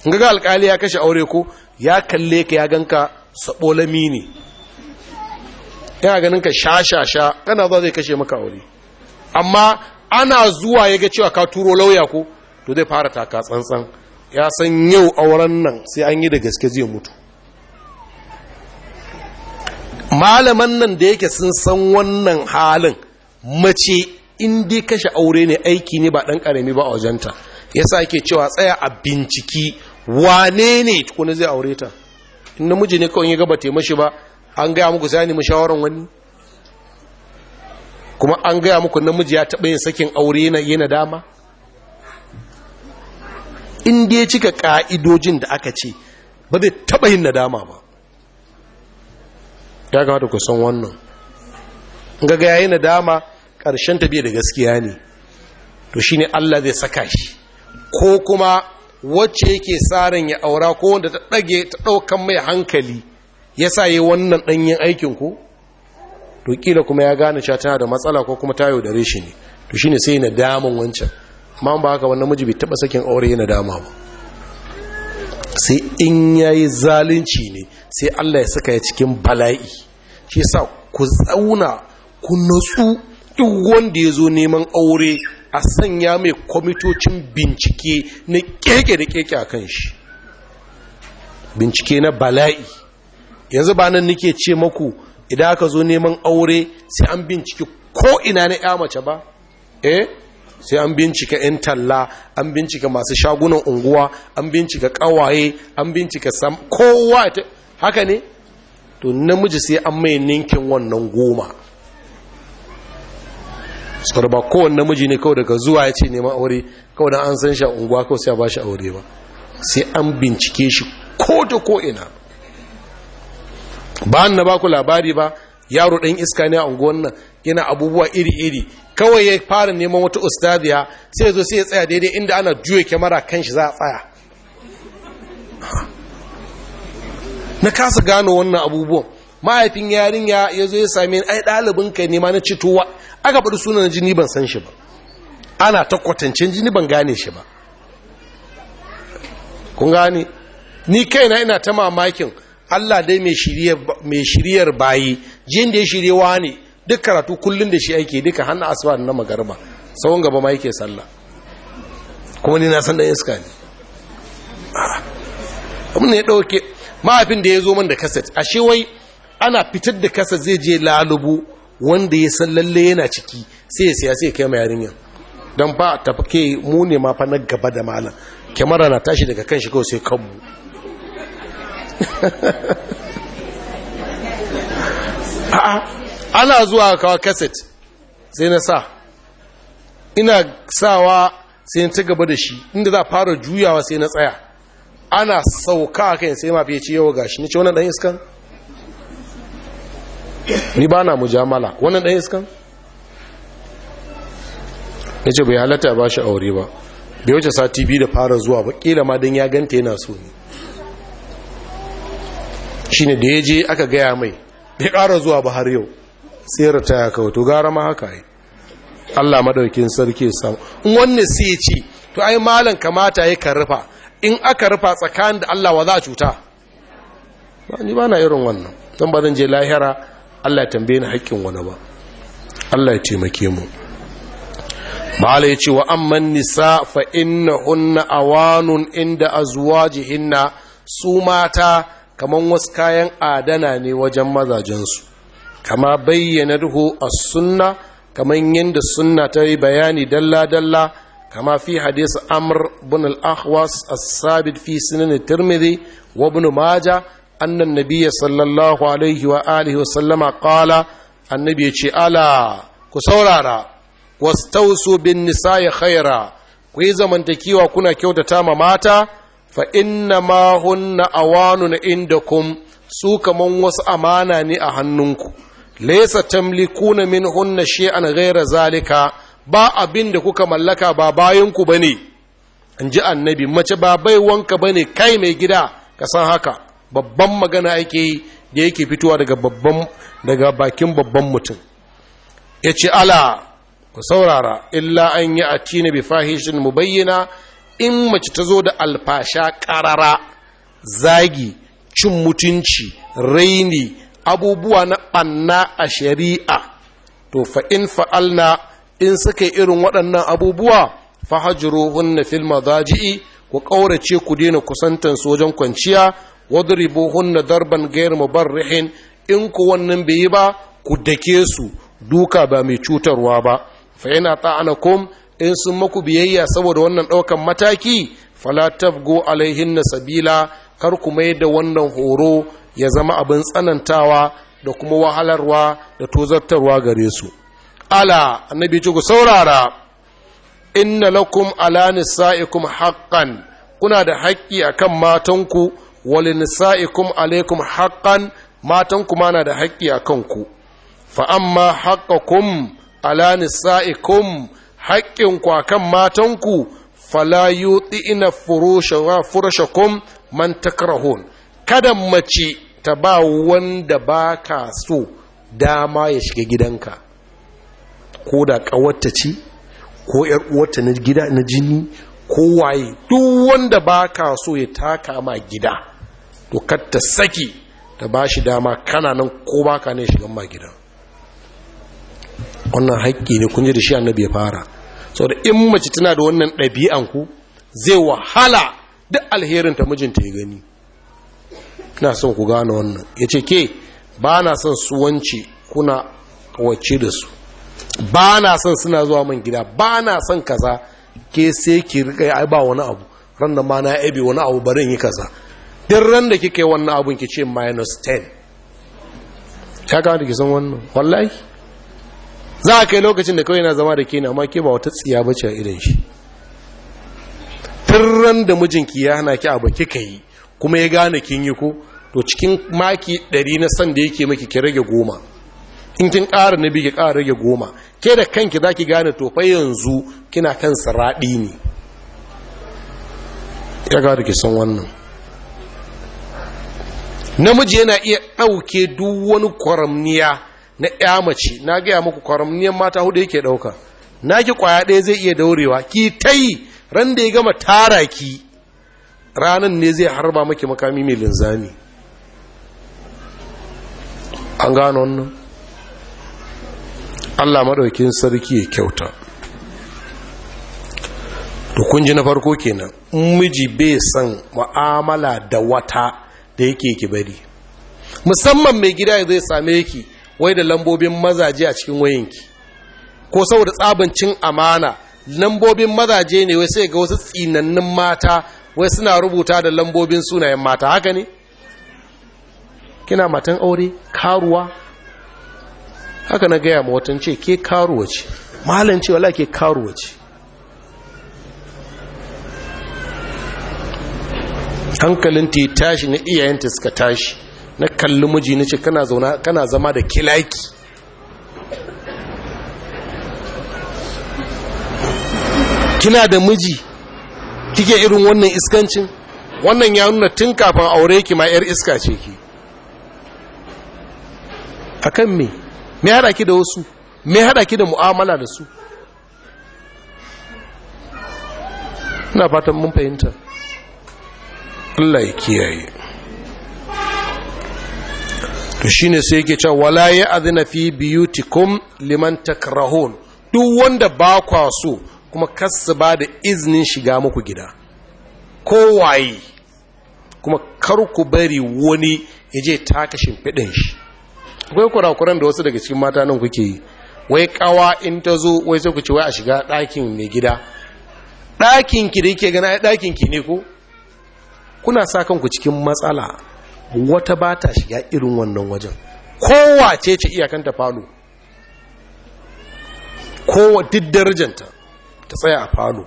in ga alƙali ya kashe aure ko ya kalle ka ya ganka sabolami ne yana ganin ka sha sha sha kana zuwa zai kashe maka aure amma ana zuwa ya ga cewa ka turo lauya ko to zai fara taka tsantsan ya san yau auren nan sai an yi da gaske zai mutu malaman nan da yake sun san wannan halin mace indi kashe aure ne aiki ne ba dan karami ba a wajenta yasa ke cewa tsaya a binciki wane ne tukuna zai aure ta inda namiji ne kawai ya gaba taimashi ba an gaya muku sai nemi shawarar wani kuma an gaya muku namiji ya taɓa yin sakin aure yana dama in ya cika ƙa'idojin da aka ce ba zai taɓa yin nadama ba ya kamata ku san wannan gaga yayi nadama ƙarshen tabi da gaskiya ne to shi ne Allah zai saka shi ko kuma wacce yake tsarin ya aura ko wanda ta ɗage ta ɗaukan mai hankali ya sa yi wannan ɗanyen aikin ku to ƙila kuma ya gane cewa tana da matsala ko kuma ta yaudare shi ne to shine sai na damun wancan ma ba haka wannan miji bai taba sakin aure yana dama ba sai in yayi zalunci ne sai Allah ya saka ya cikin bala'i shi yasa ku tsauna ku nutsu duk wanda ya zo neman aure a sanya mai kwamitocin bincike na keke da keke a kan shi bincike na bala'i yanzu ba nan nake ce maku idan aka zo neman aure sai an bincike ko ina na ya mace ba eh sai an bincika 'yan talla an bincika masu shagunan unguwa an bincika kawaye an bincika sam kowa haka ne to namiji sai an mai ninkin wannan goma tsar ba kowane namiji ne kawai daga zuwa ya ce neman aure kawai da an san shi a unguwa kawai sai a ba shi aure ba sai an bincike shi ko ta ko ina ba an na ba ku labari ba yaro ɗan iska ne a unguwan nan yana abubuwa iri-iri kawai ya fara neman wata ustadiya sai zo sai ya tsaya daidai inda ana juya kyamara kan shi za a tsaya na kasa gano wannan abubuwan mahaifin yarinya ya zo ya sami ai ɗalibin kai nema na citowa aka faɗi sunan jini ban san shi ba ana ta kwatancin jini ban gane shi ba kun gane ni kaina ina ta mamakin Allah dai mai shiriyar bayi jin da ya shirye ne duk karatu kullum da shi ake duka hannu asuwa na magarba tsawon gaba ma yake sallah kuma ni na san dan iska ne abin da ya dauke mahaifin da ya zo man da kaset ashe wai ana fitar da kaset zai je lalubu wanda ya san lalle yana ciki sai ya siya sai ya kai ma yarinyar don ba a ke mu ne ma fa na gaba da malam kyamara na tashi daga kan shi kawai sai kanmu <laughs> a'a ana zuwa kawo kaset sai na sa ina sawa sai na ci gaba da shi inda za fara juyawa sai na tsaya ana sauka kai sai mafi ya yawa gashi ni ce wannan ɗan iskan ni ba na mujamala wannan ɗan iskan ya ce bai halatta ba shi aure ba bai wuce sati biyu da fara zuwa ba ƙila ma don ya ganta yana so ne shi da ya je aka gaya mai bai ƙara zuwa ba har yau ta ya kawo to gara ma haka yi Allah maɗaukin sarki samu in wanne sai ce to ai malam kamata ya rufa in aka rufa tsakanin da Allah wa za a cuta ba ni ba na irin wannan don ba zan je lahira Allah ya tambaye ni haƙƙin wani ba Allah ya taimake mu ma'ala ya ce wa amman nisa fa innahunna awanun inda azwajihinna su mata kaman wasu kayan adana ne wajen mazajensu kama bayyana ruhu a sunna kamar yadda sunna ta yi bayani dalla-dalla kama fi hadisi amr bin al-ahwas as-sabit fi sunan tirmidhi wa ibn maja annan nabiyya sallallahu alaihi wa alihi wa sallama qala annabi ya ce ala ku saurara wastausu bin nisa'i khaira ku yi zamantakewa kuna kyautata ma mata fa inna ma hunna awanun indakum su kaman wasu amana ne a hannunku laysa tamlikuna minhunna shay'an ghayra zalika ba abin da kuka mallaka ba bayanku bane in ji annabi mace ba bai wanka bane kai mai gida ka san haka babban magana ake yi da yake fitowa daga babban daga bakin babban mutum yace ala ku saurara illa an yi a tina bi fahishin bayyana in mace ta zo da alfasha karara zagi cin mutunci raini abubuwa na ɓanna a shari'a to fa in fa'alna in suka irin waɗannan abubuwa fa hajruhunna fil madaji'i ku ƙaurace ku daina kusantan kwanciya, wajen kwanciya hunna darban ghayr mubarrihin in ku wannan bai yi ba ku dake su duka ba mai cutarwa ba fa yana kum in sun maku biyayya saboda wannan ɗaukan mataki fala tafgo alaihinna sabila kar ku mai da wannan horo ya zama abin tsanantawa da kuma wahalarwa da tozartarwa gare su ala annabi ce ku saurara inna lakum ala nisaikum haqqan kuna da haƙƙi akan matanku wal nisaikum alaikum haqqan matanku ma na da haƙƙi akan ku fa amma haqqakum ala nisaikum haƙƙinku akan matanku fala yuti'ina furushakum man takrahun kada mace ta ba wanda ba ka so dama ya shiga gidanka ko da ƙawarta ce ko ‘yar uwarta na gida na jini ko waye duk wanda ba ka so ya taka ma gida to katta saki ta ba shi dama kana nan ko ba ka ne shigan ma gida wannan haƙƙi ne kun ji da shi annabi ya fara saboda in mace tana da wannan ɗabi'an ku zai wahala duk alherin ta mijinta ya gani ina son ku gane wannan ya ce ke ba na son suwanci kuna wacce da su ba na son suna zuwa man gida ba na son kaza ke sai ki rika ai ba wani abu ran da ma na aibe wani abu bari yi kaza duk ran da kike wannan abun ki ce minus 10 ya kawo da ki san wannan wallahi za a kai lokacin da kawai na zama da ke na ma ke ba wata tsiya bace a idan shi ran da mijinki ya hana ki abu kika yi kuma ya gane kin yi ko to cikin maki ɗari na san da yake maki ki rage goma in kin ƙara na ki ƙara rage goma ke da kanki zaki gane to fa yanzu kina kan saradi ne ya da ke san wannan namiji yana iya ɗauke duk wani kwaramniya na ya mace na gaya muku kwaramniyan mata hudu yake ɗauka na ki kwaya ɗaya zai iya daurewa ki ta yi ran da ya gama tara ki ranan ne zai harba maki makami mai linzami an gano wannan allah maɗaukin sarki ya kyauta kun ji na farko kenan in miji bai san ma'amala da wata da yake ki bari musamman mai gida zai same ki wai da lambobin mazaje a cikin wayanki ko saboda tsabancin amana lambobin mazaje ne wai sai ga wasu tsinannin mata wai suna rubuta da lambobin sunayen mata haka ne kina matan aure karuwa haka na gaya mawatan ce ke karuwa ce malam ce wala ke karuwa ce hankalin ta tashi na iyayenta suka tashi na kalli miji na ce kana zama da kilaki kina da miji kike irin wannan iskancin wannan ya nuna tun kafin aure ki ma 'yar iska ce ki a kan me me haɗa ki da wasu me haɗa ki da mu'amala da su ina fatan mun fahimta Allah ya kiyaye to shine sai yake cewa wala ya azna fi biyutikum liman takrahun duk wanda ba kwa so kuma kasu ba da iznin shiga muku gida kowaye kuma kar ku bari wani ya je taka shimfiɗin shi akwai kurakuran da wasu daga cikin mata nan kuke yi wai kawa in ta zo wai sai ku ce wai a shiga ɗakin mai gida ɗakin ki da yake gana ya ɗakin ki ne ko kuna sa kanku cikin matsala wata ba ta shiga irin wannan wajen kowace ce iyakanta falo kowa duk darajanta ta tsaya a falo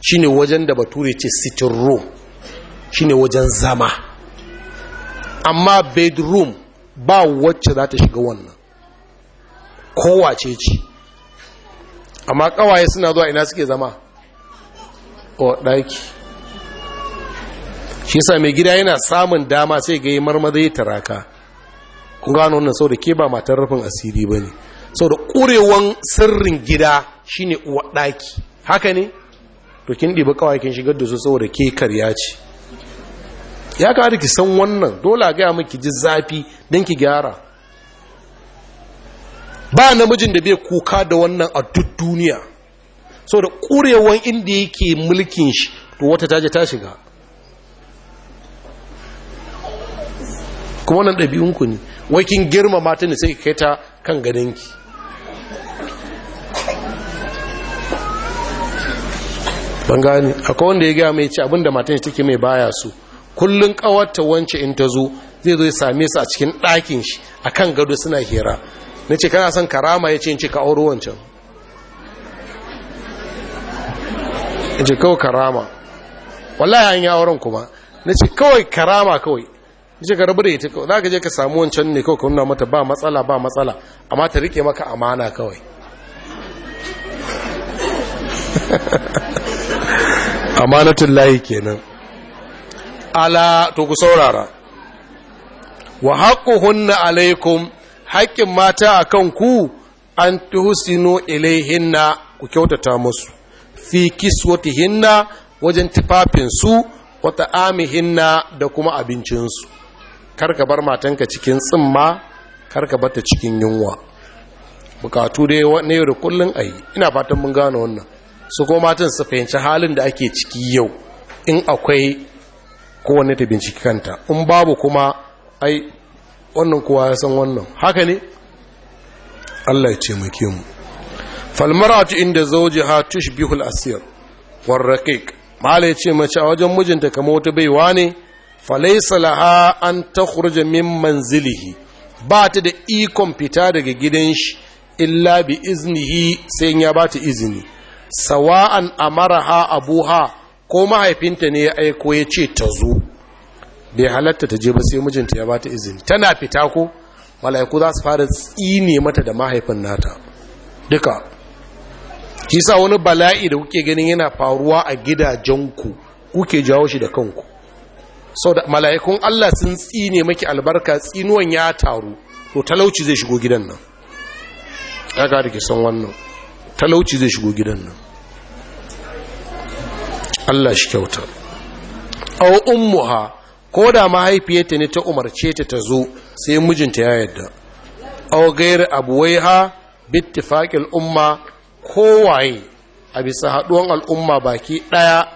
shine wajen da bature ce sitting room shine wajen zama amma bedroom ba wacce za ta shiga wannan kowace ce amma kawaye suna zuwa ina suke zama o ɗaki shi sa mai gida yana samun dama sai ga yi marmada ya taraka kun gano wannan sau da ke ba matar rufin asiri ba ne da ƙurewan sirrin gida shine uwa ɗaki haka ne to kin ɗiba kawai kin shigar da su saboda ke karya ce ya kawai ki san wannan dole a gaya maki ji zafi don ki gyara ba namijin da bai kuka da wannan a duk duniya da ƙurewan inda yake mulkin shi to wata taje ta shiga kuma wannan ɗabi'unku ne wai kin girma mata ne sai kai ta kan ganinki ban gani akwai wanda ya gaya mai ce abinda matan shi take mai baya su kullun kawarta wance in ta zo zai zo ya same su a cikin ɗakin shi akan gado suna hira na ce kana son karama ya ce in ce ka auro wancan in ce kawai karama wallahi an yi auren kuma na ce kawai karama kawai na ce ka rabu da ita za ka je ka samu wancan ne kawai na mata ba matsala ba matsala amma ta rike maka amana kawai <laughs> amanatun layi kenan ala to ku saurara wa hunna alaikum haƙƙin mata a kan ku an tuhsinu ilaihinna ku kyautata musu fi kiswatihinna wajen tufafinsu wa ta'amihinna da kuma abincinsu karka bar matanka cikin tsimma karka bata cikin yunwa bukatu dai na yau da kullun ayi ina fatan mun gane wannan su ko matan su fahimci halin da ake ciki yau in akwai kowanne ta binciki kanta in babu kuma ai wannan kowa ya san wannan haka ne Allah ya ce muke mu falmaratu inda Zaujiha Tush bihu asir war mala yace mace a wajen mijinta kamar wata baiwa ne falaysa laha an takhruja min manzilihi ba ta da ikon fita daga gidan shi illa bi iznihi sai ya ba ta izini sawa'an amaraha abuha ko mahaifinta ne ya aiko ya ce ta zo bai halatta ta je ba sai mijinta ya ba ta izini tana fita ko mala'iku za su fara tsine mata da mahaifin nata duka kisa sa wani bala'i da kuke ganin yana faruwa a gidajen ku. kuke jawo shi da kanku sau da mala'ikun Allah sun tsine maki albarka tsinuwan ya taru to talauci zai shigo gidan nan ya ga da ke son wannan talauci zai shigo gidan nan Allah shi kyauta aw ummuha ko da mahaifiyarta ne ta umarce ta ta zo sai mijinta ya yarda aw ghayr abwayha bittifaqil umma kowaye a bisa haɗuwan al'umma baki ɗaya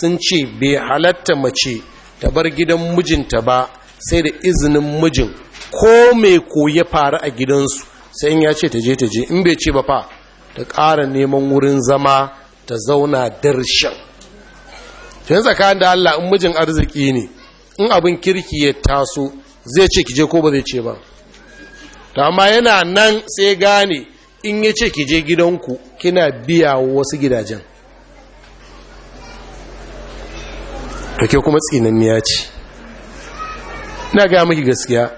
sun ce bai halatta mace ta bar gidan mijinta ba sai da izinin mijin ko mai koya faru a gidansu sai in ya ce ta je ta je in bai ce ba fa ta ƙara neman wurin zama ta zauna darshen tun tsakanin da Allah in mijin arziki ne in abin kirki ya taso zai ce ki ko ba zai ce ba ta amma yana nan sai gane in ya ce ki gidanku kina biya wasu gidajen ke kuma tsinanniya ce na ga miki gaskiya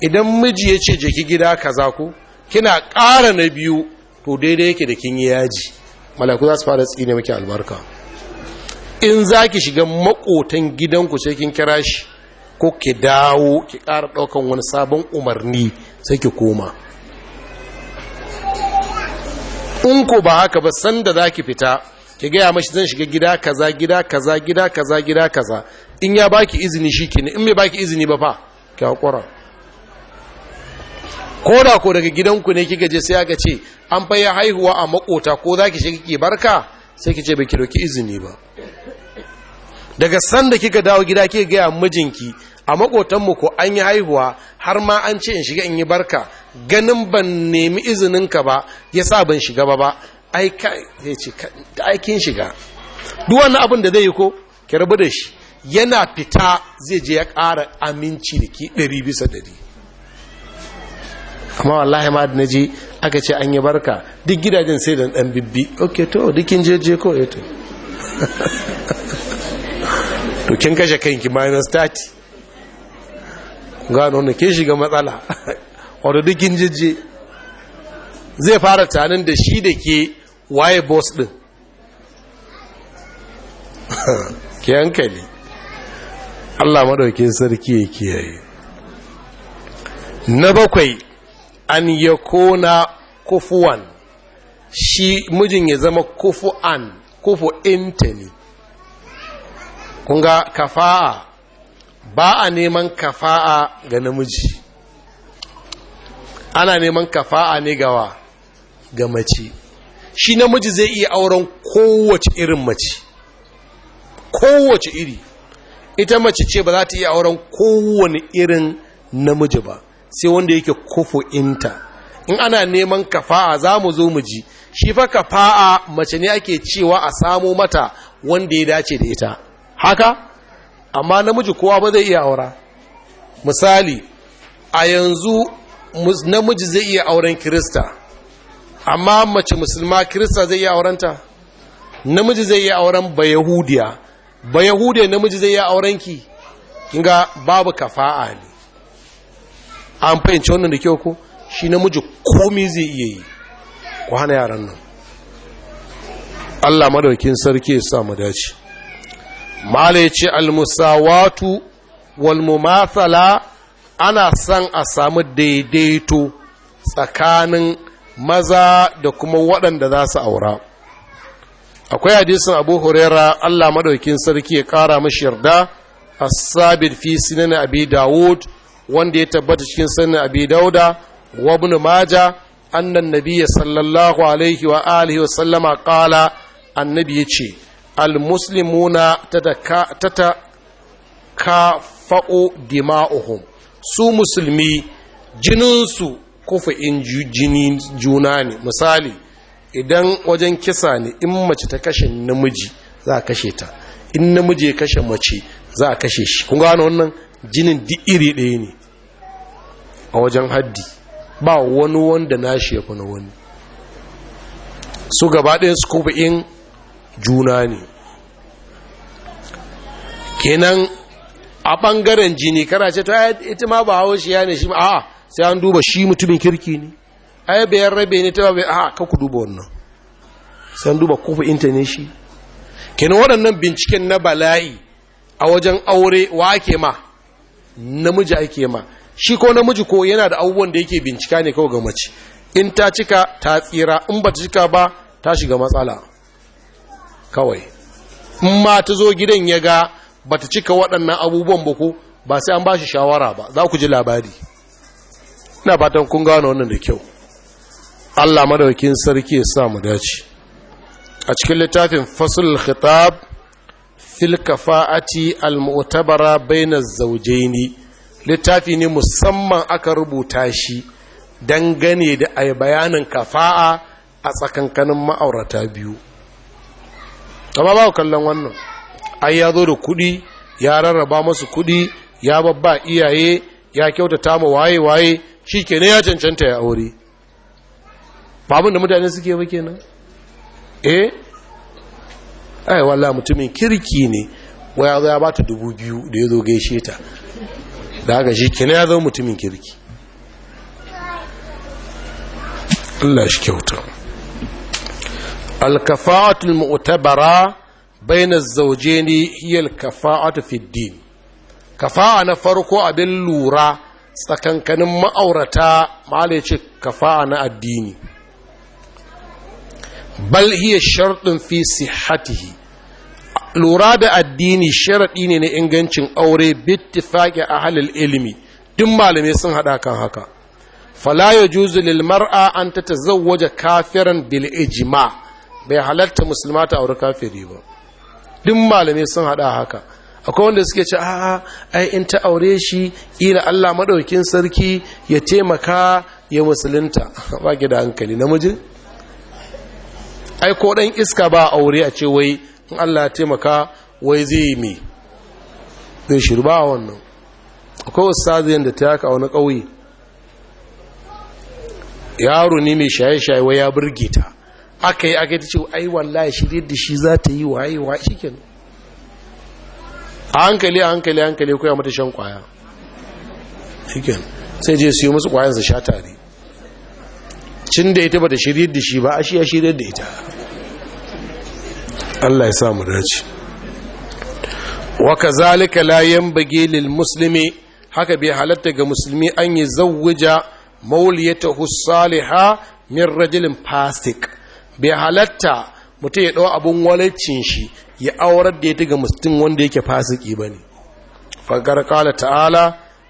idan miji ya ce je ki gida kaza ko kina ƙara na biyu to daidai yake da kin yi yaji malaku za su fara tsine miki albarka in za ki shiga makotan gidanku sai kin kira shi ko ki dawo ki ƙara ɗaukan wani sabon umarni sai ki koma in ku ba haka ba sanda za ki fita ki gaya mashi zan shiga gida kaza gida kaza gida kaza gida kaza in ya baki izini shi ki in bai baki izini ba fa ki haƙura ko da ko daga gidanku ne kika je sai aka ce an fa haihuwa a makota ko za ki shiga kike barka sai ki ce ba ki doki izini ba daga sanda kika dawo gida kika gaya mijinki a makotanmu ko an yi haihuwa har ma an ce in shiga in yi barka ganin ban nemi izininka ba ya sa ban shiga ba ba aikin shiga duk wani abin da zai yi ko ki rabu da shi yana fita zai je ya ƙara aminci da ki ɗari bisa ɗari amma wallahi ma da naji aka ce an yi barka duk gidajen sai da dan bibbi ok to dukin jeje ko ya eh, <laughs> to kin kashe kanki minus 30 gano wannan ke shiga matsala <laughs> wadda dukin jeje zai fara tanin da shi da ke waye boss din <laughs> ki hankali Allah madaukin sarki ya kiyaye na bakwai an kona kufuwan shi mijin ya zama kufu'an kufu'inta ne kunga kafa'a ba a neman kafa'a ga namiji ana neman kafa'a ne gawa ga mace shi namiji zai iya auren kowace irin mace kowace iri ita mace ce ba za ta iya auren kowane irin namiji ba sai wanda yake kofo inta. in ana neman kafa'a za mu zo mu ji shi fa kafa'a mace ne ake cewa a samo mata wanda ya dace da ita haka amma namiji kowa ba zai iya aura misali a yanzu namiji zai iya auren kirista amma mace musulma kirista zai iya aurenta namiji zai iya auren bayahudiya bayahudiya namiji zai iya aurenki kinga babu kafa'a ne an fahimci wannan da kyau ko shi namiji komi zai iya yi ku hana yaran nan Allah madaukin sarki ya sa mu dace mala ce almusawatu wal ana son a samu daidaito tsakanin maza da kuma waɗanda za su aura akwai hadisin abu huraira Allah madaukin sarki ya ƙara mashi yarda a sabit fi sunan abi dawud wanda ya tabbata cikin sanin abi dauda wa ibn maja annan nabiyya sallallahu alaihi wa alihi wa sallama qala annabi yace al muslimuna tataka tata ka fa'u dima'uhum su musulmi jininsu kufa'in jini juna ne misali idan wajen kisa ne in mace ta kashe namiji za a kashe ta in namiji ya kashe mace za a kashe shi kun gano wannan jinin duk iri ɗaya ne a wajen haddi ba wani wanda na shi ya kuna na wani su gaba ɗaya su in juna ne kenan a ɓangaren jini kana ce ta ita ma ba hawa shi ya ne shi ma a sai an duba shi mutumin kirki ne ai bayan rabe ne ta ba a ka ku duba wannan sai an duba kofa inta ne shi kenan waɗannan binciken na bala'i a wajen aure wa ake ma namiji ake ma shi ko namiji ko yana da abubuwan da yake bincika ne kawai ga mace in ta cika ta tsira in ba ta cika ba ta shiga matsala kawai in ma ta zo gidan ya ga ba ta cika waɗannan abubuwan ba ko ba sai an ba shi shawara ba za ku ji labari ina fatan kun gano wannan da kyau Allah madaukin sarki ya sa mu dace a cikin littafin fasul khitab fil kafa'ati al-mu'tabara baina zawjaini littafi ne musamman aka rubuta shi dangane da ai bayanin kafa'a a tsakankanin ma'aurata biyu amma ba kallon wannan ai ya zo da kuɗi ya rarraba masu kuɗi ya babba iyaye ya kyautata ma waye waye shi kenan ya cancanta ya aure ba abin da mutane suke ba kenan eh ai wallah mutumin kirki ne wai ya zo ya bata dubu biyu da ya zo gaishe ta da haka shi kina ya zo mutumin kirki Allah shi kyauta alkafa'atul mu'tabara baina zawjaini hiya alkafa'atu fi din kafa'a na farko abin lura tsakankanin ma'aurata mala ce kafa'a na addini bal hiya sharɗin fi sihhatihi lura da addini sharaɗi ne na ingancin aure a ahlul ilimi. duk malamai sun haɗa kan haka fala yajuzu lil mar'a an tatazawwaja kafiran bil ijma bai halatta musulma ta aure kafiri ba duk malamai sun haɗa haka akwai wanda suke ce a'a ai in ta aure shi ila Allah madaukin sarki ya taimaka ya musulunta <laughs> ba da hankali namiji ai ko iska ba aure a ce wai in Allah ya taimaka wai zai me zai a wannan akwai wasu sazayen da ta yaka wani ƙauye yaro ne mai shaye-shaye wai ya burge ta aka yi aka yi ta ce ai wallahi shirye da shi za ta yi waye wa shikin a hankali a hankali a hankali kuwa mata shan kwaya shikin sai je su yi musu kwayan su sha tare cin da ita ba da shirye da shi ba a shi ya shirye da ita Allah ya samu dace wa kazalika la yanbaghi lil haka bai halatta ga musulmi an yi zawwija mauliyatahu salihah min rajulin fasik bai halatta mutum ya ɗau abin walaccin shi ya aurar da ya ta ga mutum wanda yake fasiki ba ne fagar kala ta'ala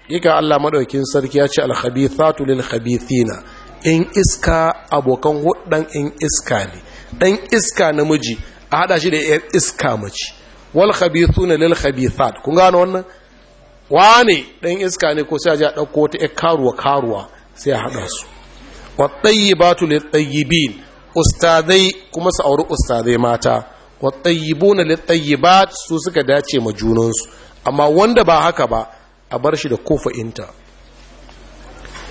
yaka Allah maɗaukin sarki ya ce alhabithatu lil khabithina 'yan iska abokan hudun 'yan iska ne ɗan iska namiji a haɗa shi da 'yan iska mace wal khabithu na lil khabithat kun gano wannan wane ɗan iska ne ko sai a a ɗauko wata 'yan karuwa karuwa sai a haɗa su wa tayyibatu lil tayyibin ustadai kuma su auri ustadai mata wa tayyibuna lil tayyibat su suka dace ma junansu amma wanda ba haka ba a bar shi da kofa inta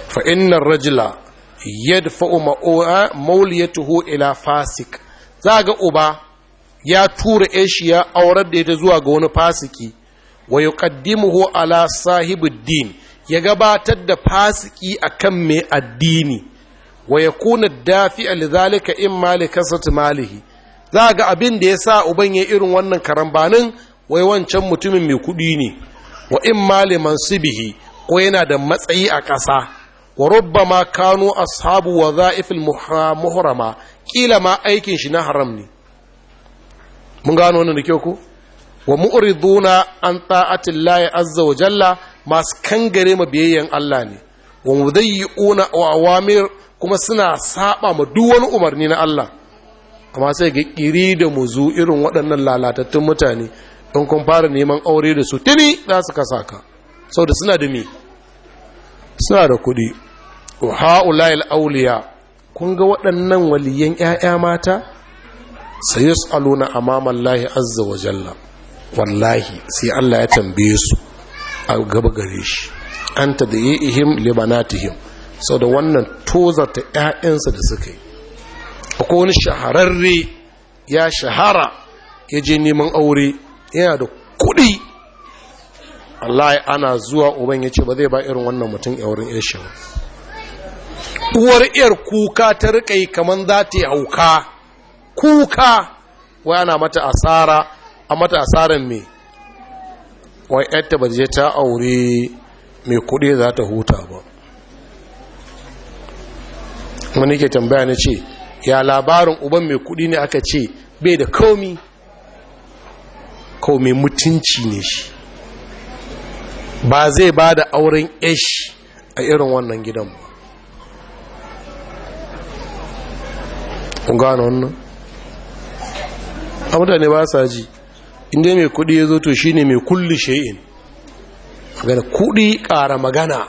fa innar rajula yadfa'u mauliyatuhu ila fasik za ga uba ya tura shi ya aurar da ita zuwa ga wani fasiki wa yuqaddimuhu ala sahibuddin ya gabatar da fasiki akan mai addini wa yakuna dafi'a lidhalika in malika sat malihi za ga abin da yasa uban ya irin wannan karambanin wai wancan mutumin mai kudi ne wa in mali mansibihi ko yana da matsayi a ƙasa wa ma kanu ashabu wa za'ifil muhrama kila ma aikin shi na haram ne mun gano wannan da kyau ko wa mu'riduna an ta'atillahi azza wa jalla masu kangare ma biyayyen Allah ne wa mudayyi'una wa awamir kuma suna saɓa ma duk wani umarni na Allah amma sai ga kiri da muzu irin waɗannan lalatattun mutane don kun fara neman aure da su tuni za su kasa ka saboda suna da me suna da kuɗi wa ha'ulayil auliya kun ga waɗannan waliyan 'ya'ya mata sai aluna amaman lahi azza wa jalla wallahi sai Allah ya tambaye su a gaba gare shi an ta da ihim libanatihim sau da wannan tozarta 'ya'yansa da suka yi akwai wani shahararre ya shahara ya je neman aure yana da kuɗi wallahi ana zuwa uban ya ce ba zai ba irin wannan mutum a wurin yashi ba uwar iyar kuka ta rikai yi kamar za ta yi hauka kuka wai ana mata asara a mata asaran me wai yadda ba je ta aure mai kuɗi za ta huta ba wani ke tambaya na ce ya labarin uban mai kuɗi ne aka ce bai da komi kawai mutunci ne shi ba zai ba da auren ish a irin wannan gidan ba kun wannan a mutane ba sa ji inda mai kudi ya zo to shine mai kulli sha'in, magana kudi ƙara magana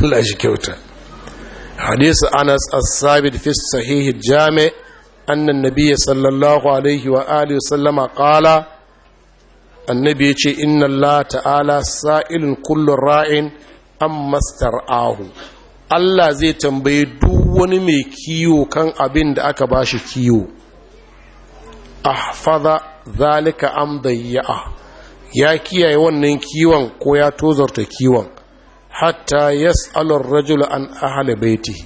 Allah shi kyauta hadisu anas as-sabit fi sahihi Jami'an anna nabi sallallahu alaihi wa alihi wa kala annabi ya ce inna Allah ta'ala sa'ilin kullum ra'in an mastar ahu Allah zai tambaye duk wani mai kiwo kan abin da aka ba shi kiwo ahfaza zalika am dayya'a ya kiyaye wannan kiwon ko ya tozarta kiwon hatta yas'alu ar-rajulu an ahli baitihi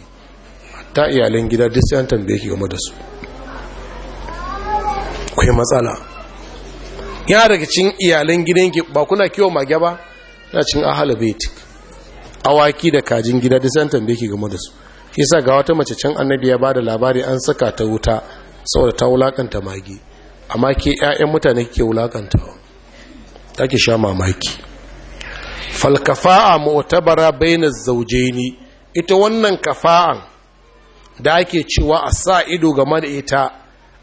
hatta iyalan gida duk sai an tambaye ki game da su akwai matsala yana daga cikin iyalan gidanki ba kuna kiwo mage ba na cin ahala baitik awaki da kajin gida da san tambaye ki game da su shi sa ga wata mace can annabi ya bada labari an saka ta wuta saboda ta wulakanta mage amma ke ƴaƴan mutane ke wulakantawa take sha mamaki falkafa'a mu'tabara baina zawjaini ita wannan kafa'an da ake cewa a sa ido game da ita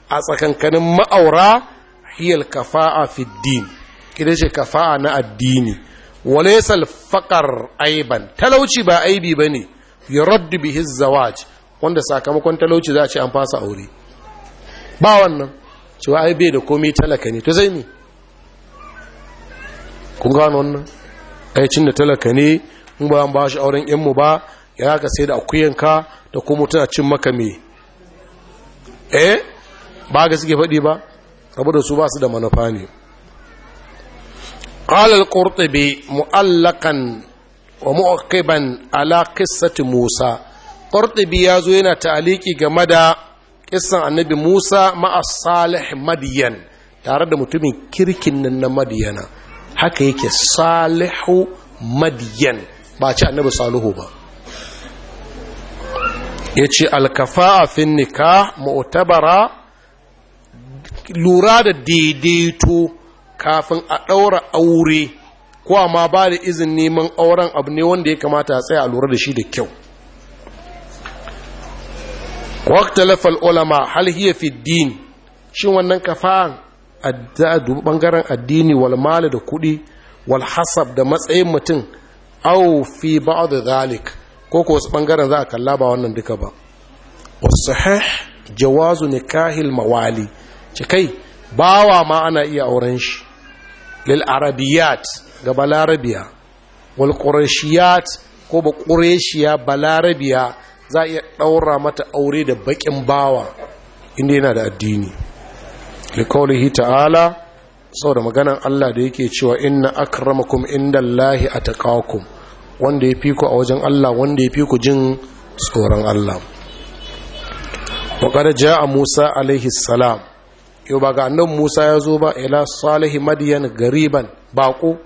a tsakankanin ma'aura hiyal kafa'a fi din ita ce kafa'a na addini walaysal faqar aiban talauci ba aibi bane yuraddu bihi zawaj wanda sakamakon talauci za a ce an fasa aure ba wannan cewa ai bai da komai talaka ne to sai ni kun gano wannan aicin da talaka ne in ba an ba shi auren mu ba ya ka sai da akuyanka da kuma tana cin maka me eh ba ga suke faɗi ba saboda su ba su da manufa ne ƙalar ƙortube mu'allakan wa mu'akiban ala kissati musa ƙortube ya zo yana ta'aliki game da ƙisan annabi musa ma'as madiyan tare da mutumin kirkin nan na madiyana haka yake salihu madiyan ba ci annabi salihu ba ya ce alkafa a finnika ma'utabara lura da daidaito kafin a ɗaura aure ko amma ba da izin neman auren abu ne wanda ya kamata a tsaye a lura da shi da kyau waktalafal ulama hal hiya fi din shin wannan kafan addadu bangaren addini wal mali da kuɗi wal hasab da matsayin mutum aw fi ba'd zalik ko ko wasu bangaren za a kalla ba wannan duka ba Wasu sahih jawazu nikahil mawali ce kai bawa ma ana iya auren shi lil arabiyat ga balarabiya wal qurayshiyat ko ba qurayshiya balarabiya za iya daura mata aure da bakin bawa inda yana da addini li qawlihi ta'ala saboda maganan Allah da yake cewa inna akramakum indallahi ataqakum wanda ya fi ku a wajen Allah wanda ya fi ku jin tsoron Allah wa qad jaa Musa alaihi salam yau ba ga annan Musa ya zo ba ila salihi madiyan gariban bako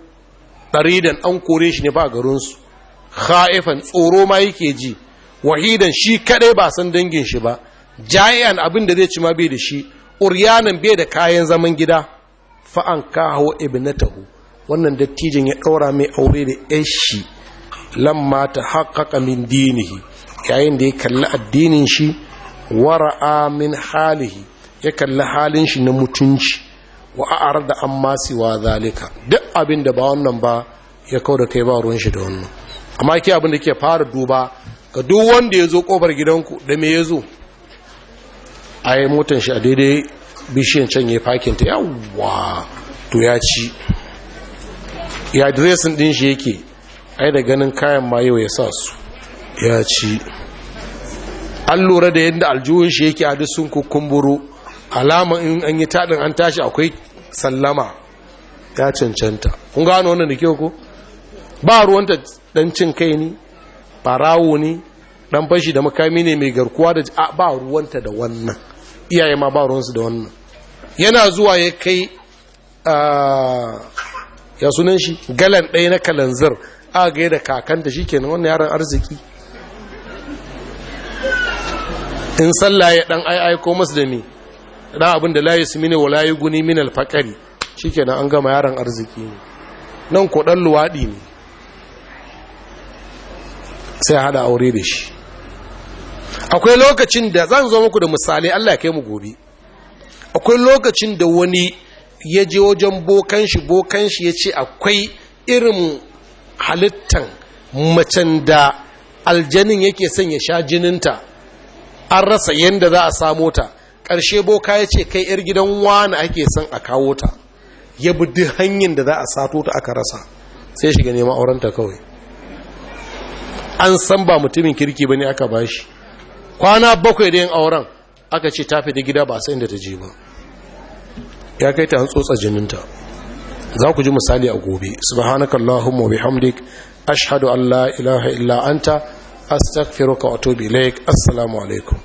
daridan an kore shi ne ba garinsu. Haifan khaifan tsoro ma yake ji wahidan shi kaɗai ba san dangin shi ba jayan abin da zai ci ma bai da shi uryanan bai da kayan zaman gida fa an kaho ibnatahu wannan dattijin ya ɗaura mai aure da yashi lamma ta haƙaƙa min dinihi yayin da ya kalli addinin shi wara'a min halihi ya kalli halin shi na mutunci wa a'ar da an wa zalika duk abin da ba wannan ba ya kawo da kai ba ruwan shi da wannan amma ke abin da ke fara duba ga duk wanda ya zo kofar gidanku da me ya zo a yi motan shi a daidai bishiyan can ya fakin ta yawwa to ya ci ya dresin din shi yake ai da ganin kayan ma yau ya sa su ya ci an lura da yadda aljuhun shi yake a duk sun alama in an yi taɗin an tashi akwai sallama ya cancanta kun gano wannan da kyau ko ba ruwanta ɗan cin kai ne barawo ne ɗan fashi da makami ne mai garkuwa da ba ruwanta da wannan iyaye ma ba ruwansu da wannan yana zuwa ya kai ya sunan shi galan ɗaya na kalanzar a gai da kakanta shi kenan wannan yaron arziki in sallaye ya ɗan aiko masu da ne da abin da layi su mini wa layi guni min alfakari shi kenan an gama yaron arziki ne nan ko ɗan luwaɗi ne sai hada aure da shi akwai lokacin da zan zo muku da misali, allah kai mu gobe akwai lokacin da wani ya je wajen bokan shi bokan shi ya ce akwai irin halittan macen da aljanin yake son ya sha jininta an rasa yadda za a samo ta ƙarshe boka ya ce kai 'yar gidan wani ake son a kawo ta ya bi hanyar da za a sato ta aka rasa sai shiga neman aurenta kawai an san ba mutumin kirki ba ne aka ba shi kwana bakwai da yin auren aka ce ta fita gida ba sai inda ta je ba ya kai ta hantsotsa jininta za ku ji misali a gobe subhanakallahumma bihamdik ashhadu an la ilaha illa anta astaghfiruka wa atubu ilaik assalamu alaikum